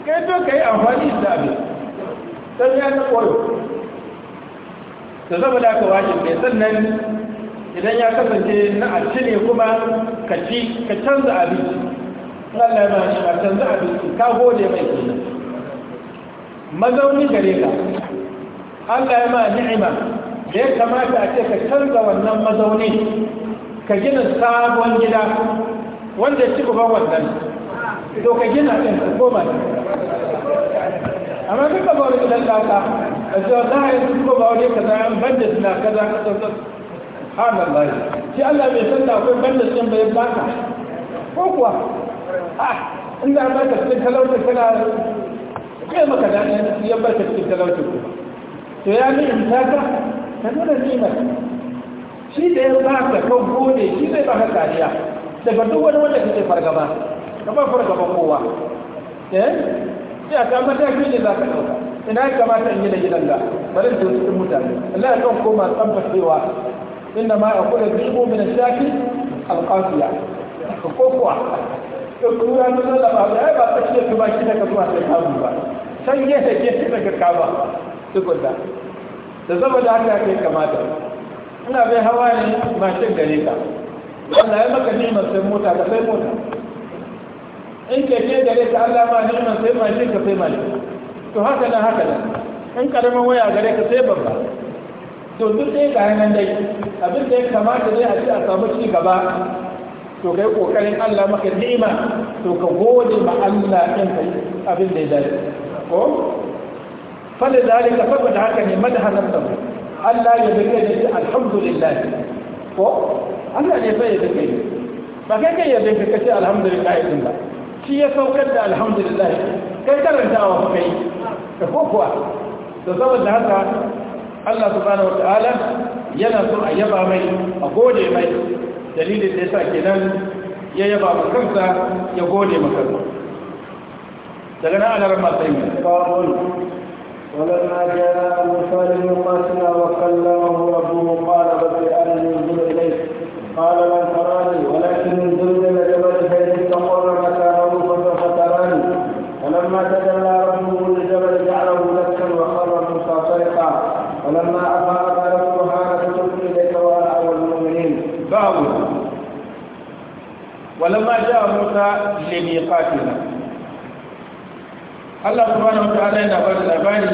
kai to ka yi amfani da abin don ya ta koyo da saboda haka wajen mai sannan idan ya kasance na arci ne kuma ka ci ka canza abinci Allah ma shi ka canza abinci ka gode mai kenan mazauni gare ka Allah ya ma ni'ima da ya kamata a ce ka canza wannan mazauni ka gina sabon gida wanda ya ci gaba wannan to ka gina ɗin ko koma ne amma duk ba wani gidan laka a za a yi su gaba wani kaza yan banda suna kaza kaza kaza har nan bai shi Allah bai san da akwai banda sun bai baka ko kuwa ah in da ba ka cikin talautar kana kai maka da ya ba ka cikin talautar to ya ni in ta ka ta nuna nimar shi da ya ba ka kan gode shi zai ba ka kariya daga duk wani wanda kake fargaba ka ba fargaba kowa eh ya ta mataki ne za ka ɗauka ina ya kamata in yi da gidan da bari da wasu mutane Allah ya kan koma tabbacewa inna ma a kula zirgo min shafi alƙafiya ka kokowa ka kura ta lallaba da ya ba ta ce ba shi daga zuwa sai kabu ba sai ya take ka kaba tukunta da da zama da haka ya kamata ina bai hawa ne mashin gare ka wanda ya maka ni'imar sai mota ka sai mota in keke gare ka Allah ma ni'imar sai mashin ka sai mashin to haka nan haka nan in karamin waya gare ka sai babba to duk dai ga nan dai abin da ya kamata dai a ci a samu ci gaba to kai kokarin Allah maka ni'ima to ka gode ma Allah ɗin kai abin da ya dace ko fa da zalika fa da haka ne madhanan tabbata Allah ya zage da shi alhamdulillah ko Allah ne sai ya zage ba kai kai ya zage ka ce alhamdulillah din ba shi ya saukar da alhamdulillah kai karantawa ba kai ka ko kuwa da saboda haka Allah subhanahu wataala yana so a yaba mai a gode mai dalilin da yasa kenan ya yaba ma kansa ya gode ma kansa daga nan ana rama sai mai ولما جاء موسى لميقاتنا وكلمه ربه قال رب أن انظر إليك قال لن تراني ولكن انظر إلى الجبل فإن استقر مكانه فسوف فلما تجلى ربه للجبل جعله دكا وخر موسى صيحا ولما أفاق قال سبحانك تبت إليك وأنا أول المؤمنين باب ولما جاء موسى لميقاتنا Allah subhanahu wa ta'ala yana ba da labari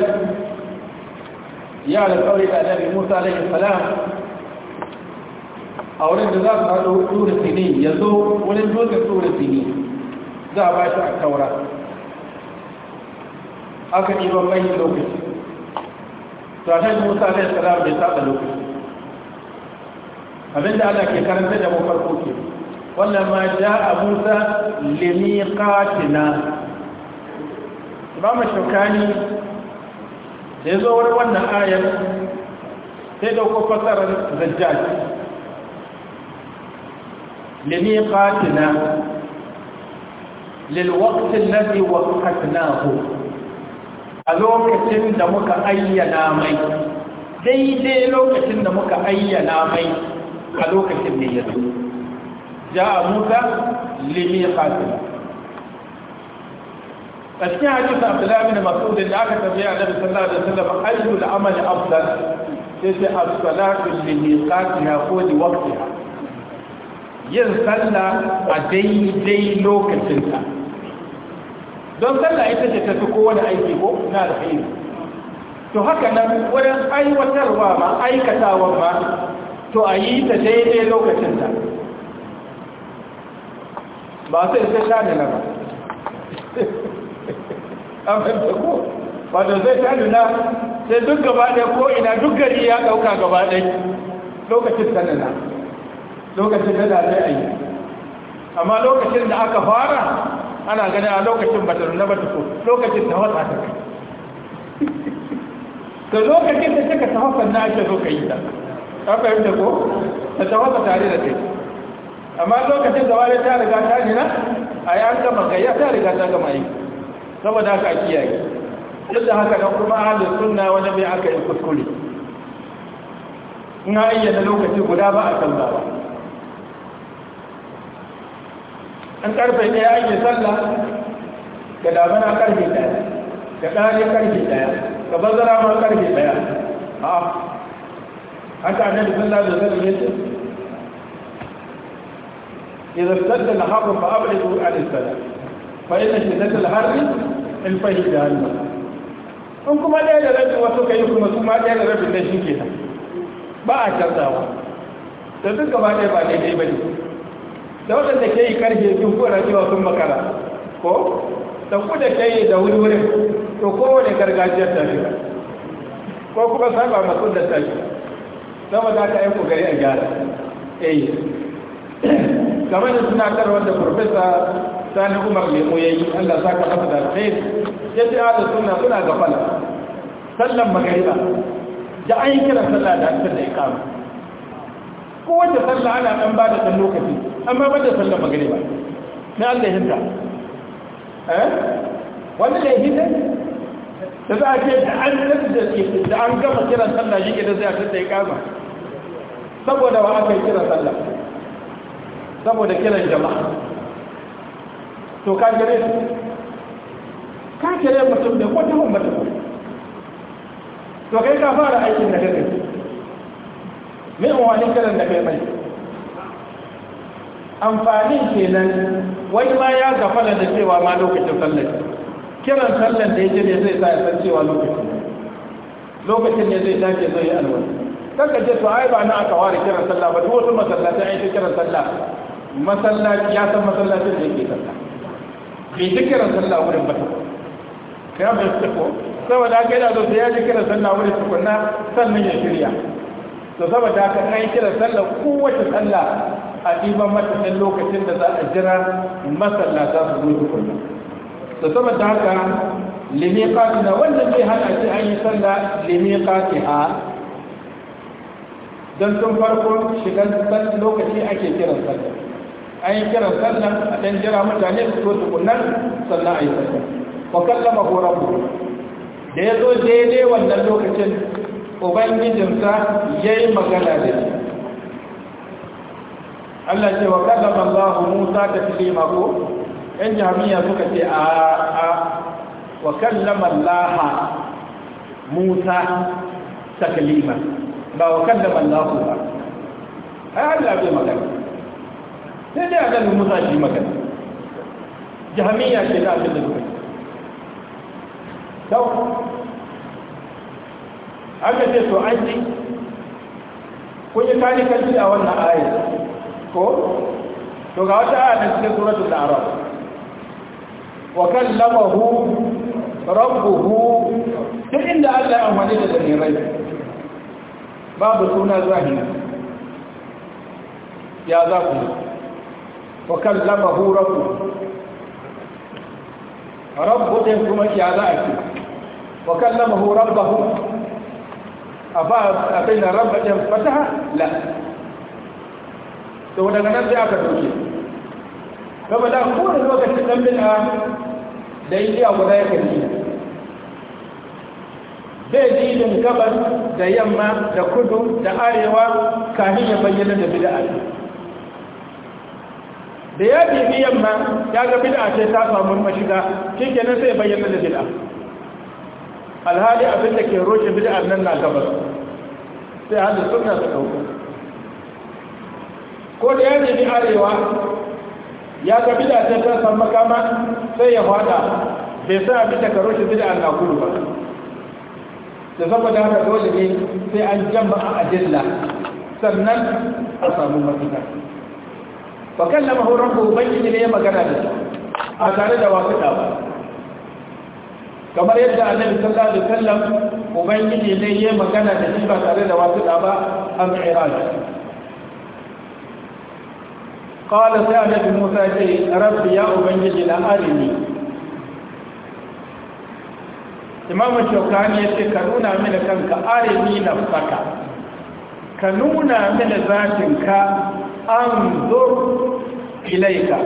ya alƙawari da annabi Musa alaihi salam a wurin da za su haɗo tura sini yanzu wurin dutsen tura sini za a ba shi a taura aka ɗiban mai lokaci to annabi Musa alaihi salam bai saba lokaci abinda Allah ke karanta da mu farko ke wannan ma ja'a Musa limiqatina imam shaukani da ya zo wani wannan ayar sai dauko fasarar zajjaj لميقاتنا للوقت الذي ku, a lokacin da muka ayyana mai daidai lokacin da muka ayyana mai a lokacin da ya zo ja a musa limi fatima a cikin hadisin abdullahi bin mas'ud da aka tabbaya annabi sallallahu alaihi wasallam ayyul amali afdal sai ce as-salatu li miqatiha ko li waqtiha yin sallah a daidai lokacinta don sallah ita ce ta fi kowane aiki ko na da to haka nan wurin aiwatarwa ma aikatawa ma to a yi ta daidai lokacinta ba sai sai sha ne na ba an fahimta ko wato zai ta nuna sai duk gaba da ko ina duk gari ya ɗauka gaba ɗaya lokacin ta lokacin da zai a yi amma lokacin da aka fara ana gani a lokacin ba ta nuna ba tuku lokacin ta wata ta kai da lokacin da suka ta hafa na ake zo ka yi ta ta fahimta ko ta ta wata tare da kai amma lokacin da wani ta riga ta nuna a yi an gama gayya ta riga ta gama yi saboda haka a kiyaye duk da haka na kuma ahalin suna wani mai aka yi kuskure in ayyana lokaci guda ba a sallah ba an karfe ɗaya ya yi sallah da damana karfe ɗaya da dare karfe ɗaya da bazara ma karfe ɗaya a haka ne da annabi sallallahu alaihi wasallam yace إذا اشتد الحر فأبعدوا عن الصلاة فإن شدة الحر in fashi da hannu in kuma ɗaya da rabin wasu ka yi kuma su ma ɗaya da rabin da shi ke ba a canzawa da duk gaba ɗaya ba daidai ba ne da waɗanda ke yi karfe biyu ko rajewa sun makara ko da ku da ke yi da wuri wurin to kowane gargajiyar ta shiga ko kuma saba masu da ta shiga sama za ka yi gari a gyara eh kamar da suna karwar wanda profesa sani umar lemo ya yi allah sa ka fasa da alkhairi ya ce a da suna suna ga fala sallan magariba da an yi kira sallah da an da kama. Ko wanda sallah ana dan ba da dan lokaci amma ba da sallan magariba na allah hinta eh wanda ya hinta da za a ce da an da an gama kiran sallah shi ke da zai a tattai kama saboda wa aka yi kiran sallah saboda kiran jama'a to ka kire su ka kire mutum da ko tuhun mutum to kai ka fara aikin da kake me wani kiran da kai mai amfanin kenan wai ma ya gafala da cewa ma lokacin sallar kiran sallar da yake ne zai sa ya san cewa lokacin lokacin ne zai dace zai yi alwala kanka je to ai ba na aka ware kiran sallah ba duk wasu masallatai ai kiran sallah masallaci ya san masallacin da yake sallah bai ji kiran sallah wurin ba ta ya bai su ko saboda aka yana zo sai ya ji kiran sallah wurin tukunna sannan ya shirya to saboda haka an yi kiran sallah kowace sallah a ɗiban matakin lokacin da za a jira za su zo tukunna to saboda haka na wanda zai hana shi an yi sallah limiqatiha Don sun farko shigar lokaci ake kiran sallah an yi kiran sallan a ɗan jira mutane su so tukunan sannan a yi sallan wa kallama ko rabu da ya zo daidai wannan lokacin ubangijinsa ya yi magana da shi Allah ce wa kallama Allah Musa ta filima ko ƴan jami'a suka ce a a wa kallama Allah Musa ta filima ba wa kallama Allah ba ai Allah bai magana sai dai a ganin musa shi magana jami'a ce na abin da suka sau aka ce to an ji kun yi kalikanci a wannan ayat ko to ga wata ayat da cikin da arab wa kan lamahu, rabbuhu duk inda Allah ya amfani da dalirai babu suna zahiri ya za ku fakallamahu rabbu rabbu din kuma ya za a ce fakallamahu rabbahu aba abin na rabba ɗin fataha la to daga nan sai aka dauke kuma da kowane lokacin dan bid'a da yi a guda ya kaji bai jidin gabas da yamma da kudu da arewa kamin ya bayyana da bid'a da ya bibi yamma ya ga bid'a ce ta samu mashiga kenan sai bayyana da bid'a alhali abin da ke roshe bid'a nan na gabas sai hada sunna ta dauko ko da ya bibi arewa ya ga bid'a ce ta samu makama sai ya fada bai sa abin da ka roƙe bid'a na kudu ba da saboda haka dole ne sai an a adilla sannan a samu mafita fa kallamahu rabbuhu ubangiji ne ya magana da shi a tare da wasuta ba kamar yadda annabi sallallahu alaihi wasallam ubangiji ne ya magana da shi ba tare da wasuta ba a mi'raj qala sai annabi Musa ya ce rabbi ya ubangiji la arini imamu shaukani ya ce ka nuna mini kanka arini nafsaka ka nuna mini ka? anzur ilaika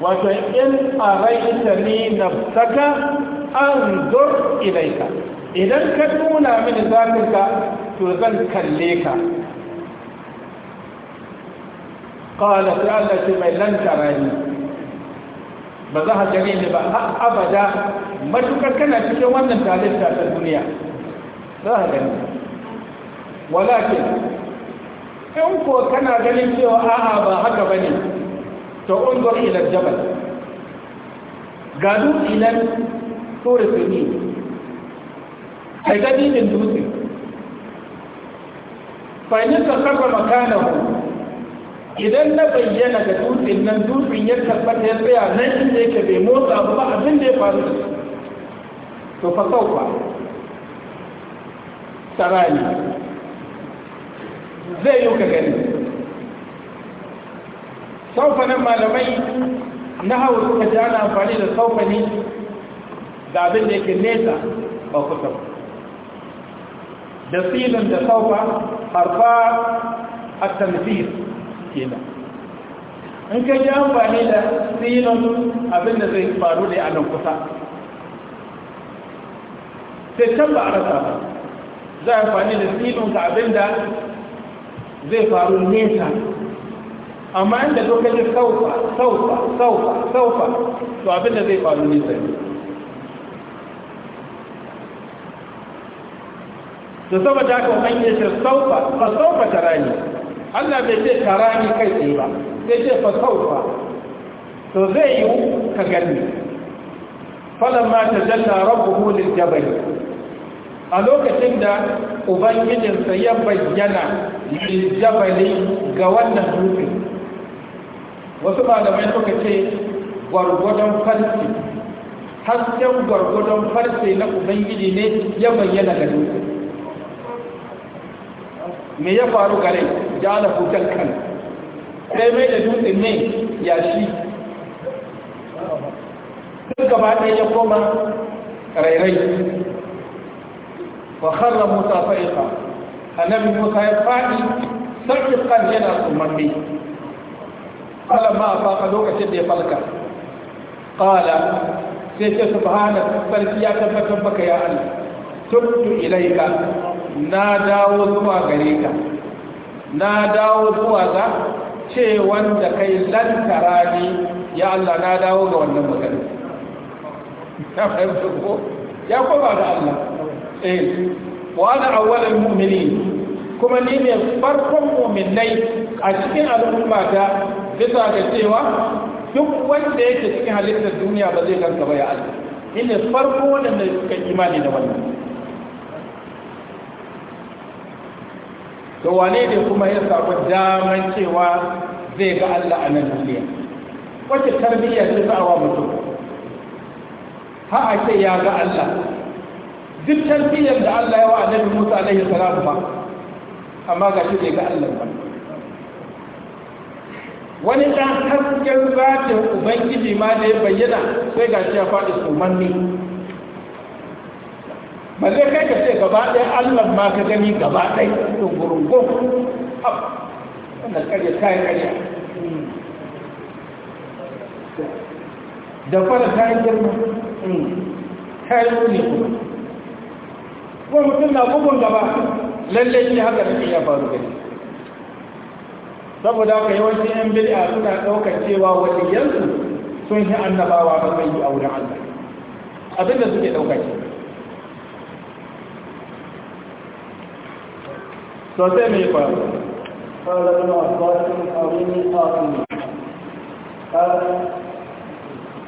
wato in araita ni nafsaka anzur ilaika idan ka nuna mini zafinka to zan kalle ka qala da Allah ce mai lan tarani ba za a gane ni ba har abada matukar kana cikin wannan talenta ta duniya za ka gane walakin in ko kana ganin cewa a'a ba haka ba ne to ungon ilar jabal ga dutse nan tura su ne a gadinin dutse fahimtar ka kafa makanahu idan na bayyana ga dutsen nan dutsen ya tabbata ya tsaya nan inda yake bai motsa abu ba abin da ya faru to fa sauka sarari zai yi ka gani saufanin malamai na hau suka ji ana amfani da saufani da abin da yake nesa ba kusa da filin da saufa harfa a tamfir kenan in ka ji amfani da filin abin da zai faru da a kusa sai can ba a rasa ba za a amfani da filin ka abin da zai faru nesa amma inda kaje saufa saufa saufa saufa to abin da zai faru nesa da saboda haka an yi shi saufa fa saufa tarani Allah bai ce tarani kai tsaye ba zai ce fa saufa to zai yi ka gani falamma tajalla rabbuhu lil jabal a lokacin da ubangijinsa ya bayyana jabali ga wannan dutse wasu malamai suka ce gwargwadon farce hasken gwargwadon farce na ubangiji ne ya bayyana ga dutse me ya faru gare ja da hutar kan sai mai da dutse ne ya shi duk gaba ɗaya ya koma rairai wa kharra musa fa'iqa annabi musa ya fadi sarfiqan yana ma a afaqa lokacin da ya falka qala sai ce subhanaka sarki ya tabbatar baka ya Allah tubtu ilaika na dawo zuwa gare ka na dawo zuwa za ce wanda kai lantara ne ya Allah na dawo ga wannan maganin. ya fahimta ko ya koma ga Allah eh wa ana awwalul mu'minin kuma ni ne farkon mu'minai a cikin al'umma ta bisa ga cewa duk wanda yake cikin halittar duniya ba zai ganka ba ya Allah ni ne farko wanda suka imani da wannan to wane ne kuma ya samu daman cewa zai ga Allah a nan duniya wacce tarbiyya ce za a wa mutum ha a ce ya ga Allah duk tarbiyyar da Allah ya wa annabi Musa alaihi salatu ba amma ga shi bai ga Allah ba wani ɗan hasken zatin ubangiji ma da ya bayyana sai ga shi ya faɗi tsumanni ba zai kai ka ce gaba ɗaya Allah ma ka gani gaba ɗaya ɗungurungun wannan ƙarya ta yi ƙarya da fara ta yi girma hmm, ta yi nuni kuma ko mutum na bugun gaba lallai shi haka da ya faru gani saboda haka yawancin yan bid'a suna ɗaukar cewa yanzu sun yi annabawa ba mai yi a wurin Allah abinda suke ɗauka ce sosai mai faru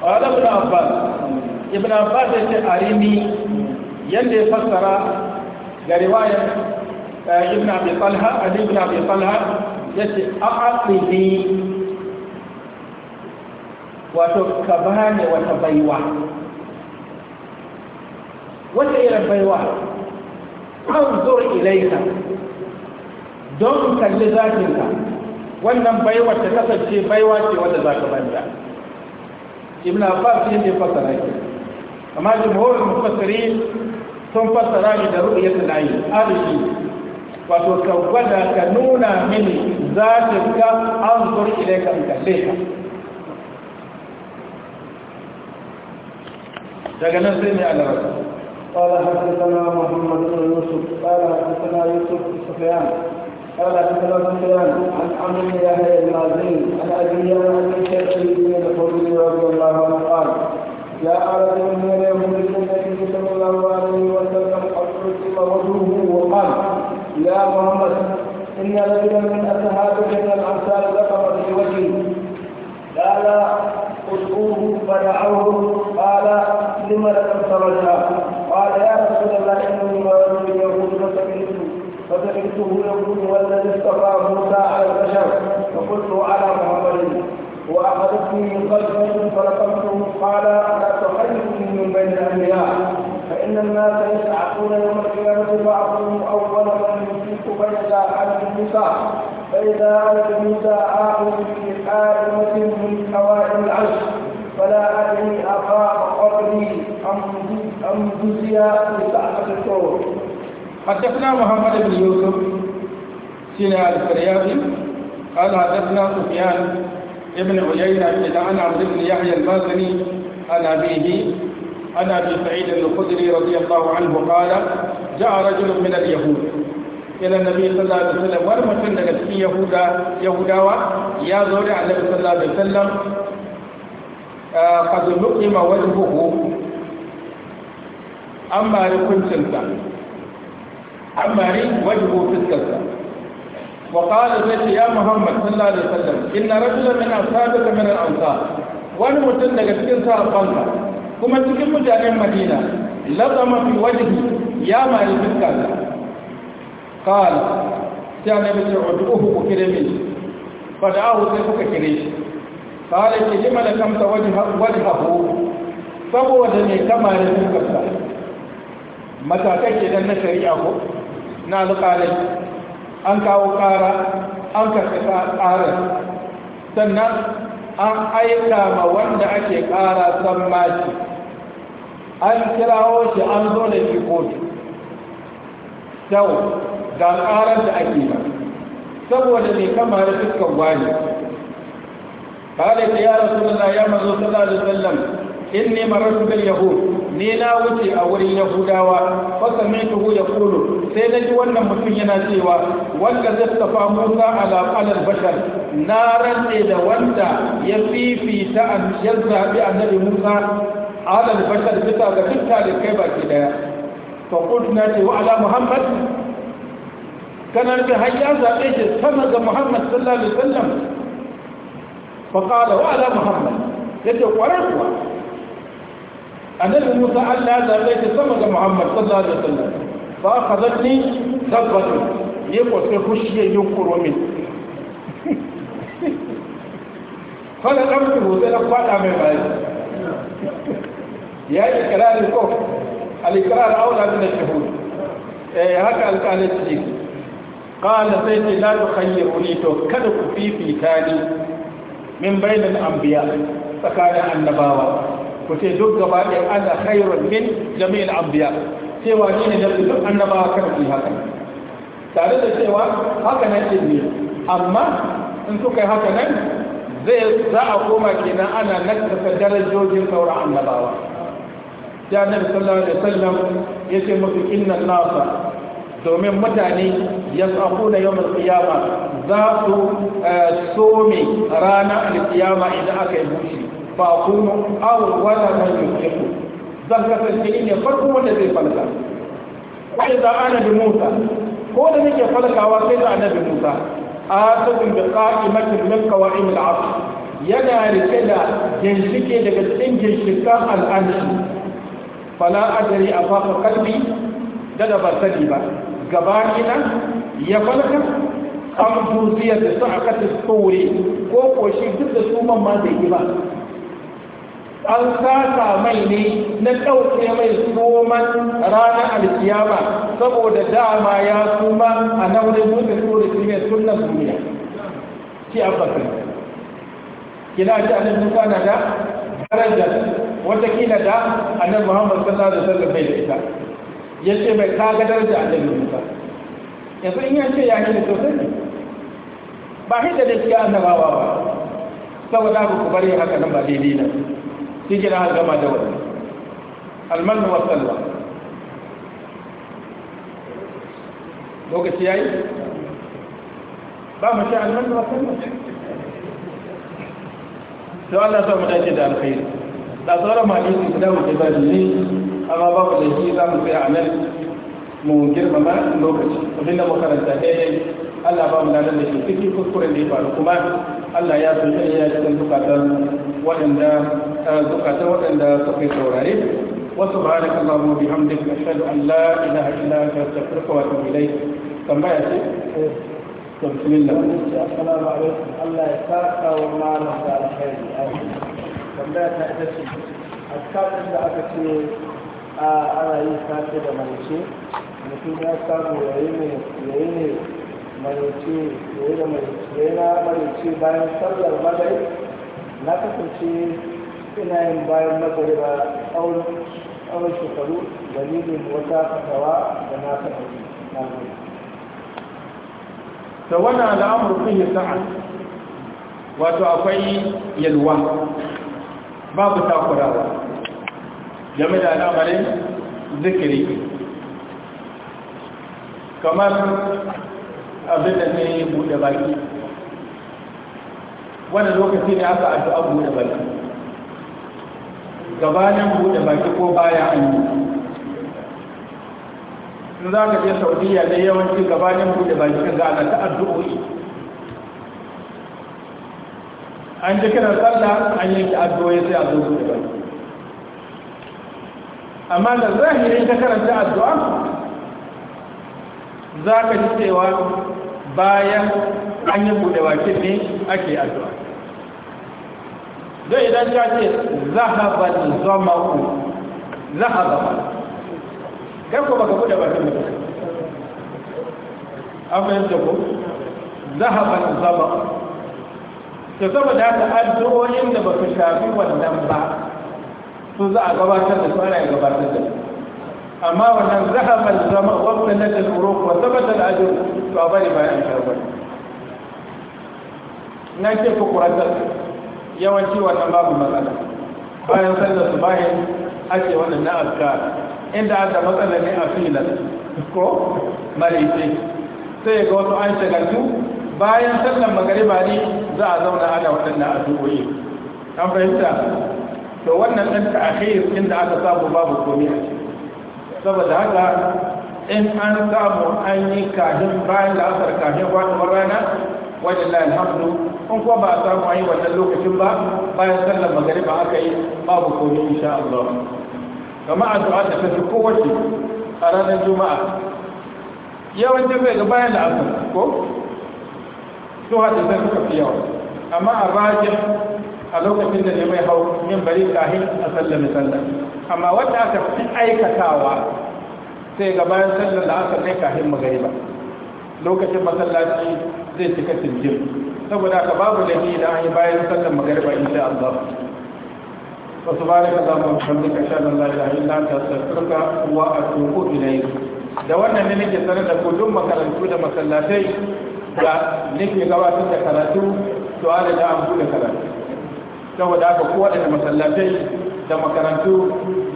قال ابن عباس قال ابن عباس ابن عباس يقول أريني يلي فسر لرواية آه، ابن أبي طلحة ابن أبي طلحة يسي أعطني وتكبان وتبيوا وتير البيوا أنظر إليها دون كالذاتك وانم بيوا تكسب في بيوا في وتذاك بانجا ابن أبي طلحة يلي فسر أما جمهور المفسرين sun fassara ni da ruɗu yadda na yi arziki wato saugwada ka nuna mini za ta ga an zurki da kan kashe ka daga nan sai ne alawar ƙwada haka na muhammadu da yusuf ƙwada haka tana yusuf safiyan ƙwada haka tana safiyan an amurka ya haɗe mazin an ajiyar da ake shaƙi ne da kwallo ya zuwa ƙwada يا أرض من يهود النبي صلى الله عليه وسلم أبرك وجهه وقال يا محمد إن رجلا من أصحابك من الأنصار ذكر في وجهي قال ادعوه فدعوه قال لم لكم خرجا قال يا رسول الله إنني ما رجل يهود فسمعته فسمعته يقول والذي اصطفى موسى على البشر فقلت على محمد وأخذتني قلبه فلقمته قال لا تخلفني من بين أهلها فإن الناس يسعفون يوم القيامة بعضهم أول من يمسك فإذا عبد النساء فإذا عبد النساء في قائمة من أوائل العرش فلا أدري أخاء قبري أم جزي بسعة الثور حدثنا محمد بن يوسف سنة الفريابي قال حدثنا سفيان ابن عيينة إلى عن عبد بن يحيى المازني عن أبيه عن أبي سعيد الخدري رضي الله عنه قال جاء رجل من اليهود إلى النبي صلى الله عليه وسلم ورمة لك في يهودا يهودا يا زول على النبي صلى الله عليه وسلم آه، قد لقم وجهه أما لكل تلك أما ري وجهه في التلك وقال زيت يا محمد صلى الله عليه وسلم إن رجلا من أصحابك من الأنصار wani mutum daga cikin sahabbanka kuma cikin mutanen madina lazama fi wajhi ya mari fuskarsa qala sai annabi ce ud'uhu ku kire min fa da'ahu sai kuka kire shi qala ki lima la kamta wajha wajhahu saboda ne kama da fuskarsa matakai kenan na shari'a ko na alƙalai an kawo ƙara an karɓi ƙara sannan an aika ma wanda ake ƙara san maki an kirawo shi an zo da shi kotu yau ga ƙarar da ake ba saboda ne kama da fuskan wani ba da ya rasu da ya mazo sallallahu alaihi wasallam In inni marartu bil yahud Ne na wuce a wurin yahudawa fa sami'tuhu yaqulu sai na ji wannan mutum yana cewa wanda zastafa Musa ala qalal bashar na rantse da wanda ya fifita an yazzabi annabi Musa ala bashar bisa ga dukkan kai baki daya fa qultu na ce wa ala muhammad kana bi hayya zabe shi sama ga muhammad sallallahu alaihi wasallam fa qala wa ala muhammad yace kwarar kuwa النبي موسى قال لي هذا بيت محمد صلى الله عليه وسلم فاخذتني دبته يقول في خشية ينقر ومن فانا قمت بوسى لقد عمل هذا يا الكرار الكفر الكرار اولى من الجهود إيه، هكا كانت لي قال سيدي لا تخيروا لي في في تاني من بين الانبياء فكان النبوة ku duk gaba da ana khairun min jami'il anbiya cewa ni ne nabi duk annabawa kada su haka tare da cewa haka nan din ne amma in suka yi haka nan zai za a koma kenan ana nakasa darajojin sauran annabawa ya nabi sallallahu alaihi wasallam ya ce musu inna nasa domin mutane ya tsaku da yawan kiyama za su eh, some rana alkiyama idan aka yi bushi fa kuma awwala man ku. zan kasance ni ne farko wanda zai falka wa idza ana bi Musa ko da nake falkawa sai da annabi Musa A atun bi qa'imatin min qawa'im da asr yana rike da ginshike daga cikin ginshikan al'anshi fala a afaqa qalbi da da basadi ba Gaba gabanina ya falka am dusiyar da su a kasar tsore ko koshi duk da su man ma zai yi ba an saka mai ne na ɗauke mai tsoman ranar alkiyama saboda dama ya kuma a naurin mutum tsoro shi mai sunan duniya shi a bakin kina ji annabi musa na da darajar watakila da annabi muhammad sallallahu da wasallam mai da ita ya ce mai kaga daraja annabi musa yanzu in ya ce ya yi da sosai ne ba hidda da gaskiya annabawa ba saboda ku bari haka nan ba daidai na. تيجي لها القمى دولة المن والسلوى بوقت سياي بقى مشاعر المن والسلوى سؤال لا سوى مقاية دا الخير لا سوى ما جيت إسلام قبل لي أما بقى لي إسلام في أعمال منكر مما بوقت وفينا مخرج تهيلي Allah ba mu da nan da shi cikin kuskuren da ya faru kuma Allah ya san ya yi cikin bukatar waɗanda zukatan waɗanda suka yi saurare wasu ba da kan zama bi hamdi shaɗu ka wata milai allah ya malam da alkhairi ta ita ce a kafin da aka ce a yi da malice mutum na malice bayan sallar magai na kasance ina yin bayan magariba tsawon tsawon shekaru dalilin wata fatawa da na ta na gode da wannan al'amur kun yi sa'a wato akwai yalwa babu takurawa game da al'amarin zikiri kamar abin da ne buɗe baki wani lokaci ne aka addu'a buɗe baki gabanin buɗe baki ko baya an yi in za ka je saudiya da yawanci gabanin buɗe baki ga ana ta addu'o'i an ji kiran sallah an yanke addu'o'i sai a zo buɗe baki amma da zahirin ta karanta addu'a za ka ji cewa bayan an yi buɗe baki ne ake addu'a don idan ka ce zama ku zahaban kai ko baka buɗe bakin mutum an fahimta ko zahaban zamaku to saboda haka addu'o'in da ba su shafi wannan ba su za a gabatar da su ana gabatar da su amma wannan zahaban zama wabta na jaluro ko tabbatar ajin to a bari bayan karbar na ce ku kuratar yawanci wannan babu matsala bayan sallar su bayan ake wannan na azkar inda aka matsala ne a filan ko maraice sai ga wasu an shagaltu bayan sallar magariba ne za a zauna ana waɗannan addu'o'i an fahimta to wannan ɗan akhir inda aka samu babu komai a saboda haka in an samu an yi kafin bayan da asar kafin wata rana wajen la alhamdu in kuma ba a samu a yi wannan lokacin ba bayan sallar magariba aka yi babu komi insha Allah kama addu'a da ta fi kowace a ranar juma'a yawancin bai ga bayan la'asar ko su da zai suka fi yawa amma a rajin a lokacin da ne mai hau yin bari tahi a sallar misalla amma wanda aka fi aikatawa sai ga bayan sallar la'asar ne kahin magariba lokacin masallaci zai cika sinjin saboda ka babu da ni da an yi bayan sallar magariba insha Allah wa subhanaka allahumma wa bihamdika ashhadu an la ilaha illa anta astaghfiruka wa atubu ilayk da wannan ne nake sanar da ku duk makarantu da masallatai da nake gabatar da karatu to ala da an bude karatu saboda ka ko waɗanda masallatai da makarantu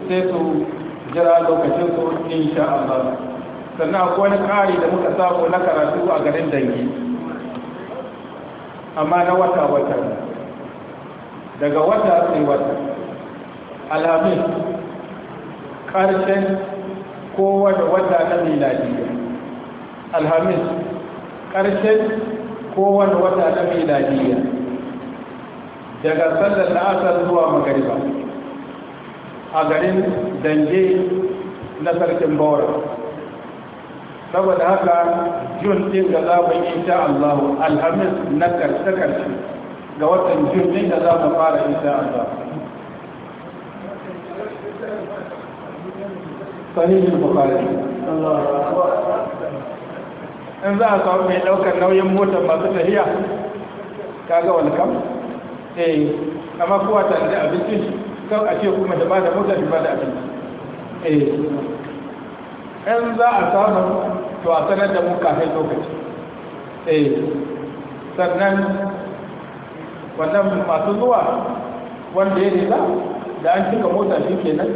sai su jira lokacin su insha Allah sannan akwai wani ƙari da muka samu na karatu a garin dangi amma na wata-wata daga wata sai wata alamin ƙarshen kowane wata na miladiya alhamis ƙarshen kowane wata na miladiya daga sallar da aka zuwa magariba a garin dange na sarkin bawar saboda haka jun din da za mu yi insha Allah alhamis na karshe karshe ga watan jun din da za mu fara insha Allah sahihin bukari in za a samu mai daukar nauyin motar masu tafiya kaga walkam eh amma kowa tare da abinci kan a ce kuma da ba da mota da ba da abinci eh in za a samu to a sanar da mu kafin lokaci eh sannan wannan masu zuwa wanda ya nisa da an cika mota shi ke nan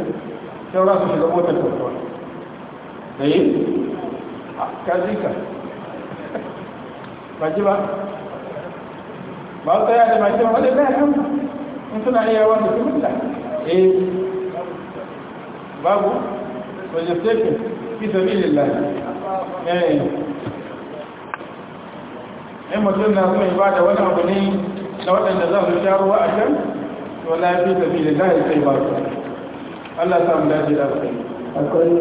saura su shiga motar tattawa da yi a kazika ba ji ba ba su tsaya da mashi ba wadda ya kan in suna iya wanda su mutu eh babu registration fi lillahi Eh. in mutum na zuwa ba da wani abu ne na waɗanda za su sha ruwa a can to na fi tafi da zai sai ba su Allah samu daji da su akwai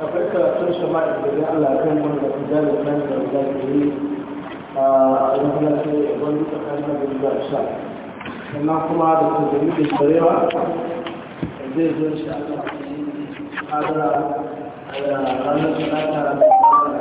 akwai karatun shama'a da zai Allah kan wanda ku zai kan da zai yi a yankunan sai wani tsakanin da zai sha sannan kuma da su da yi da tsarewa zai zo shi a kan adara 何年前からですかね。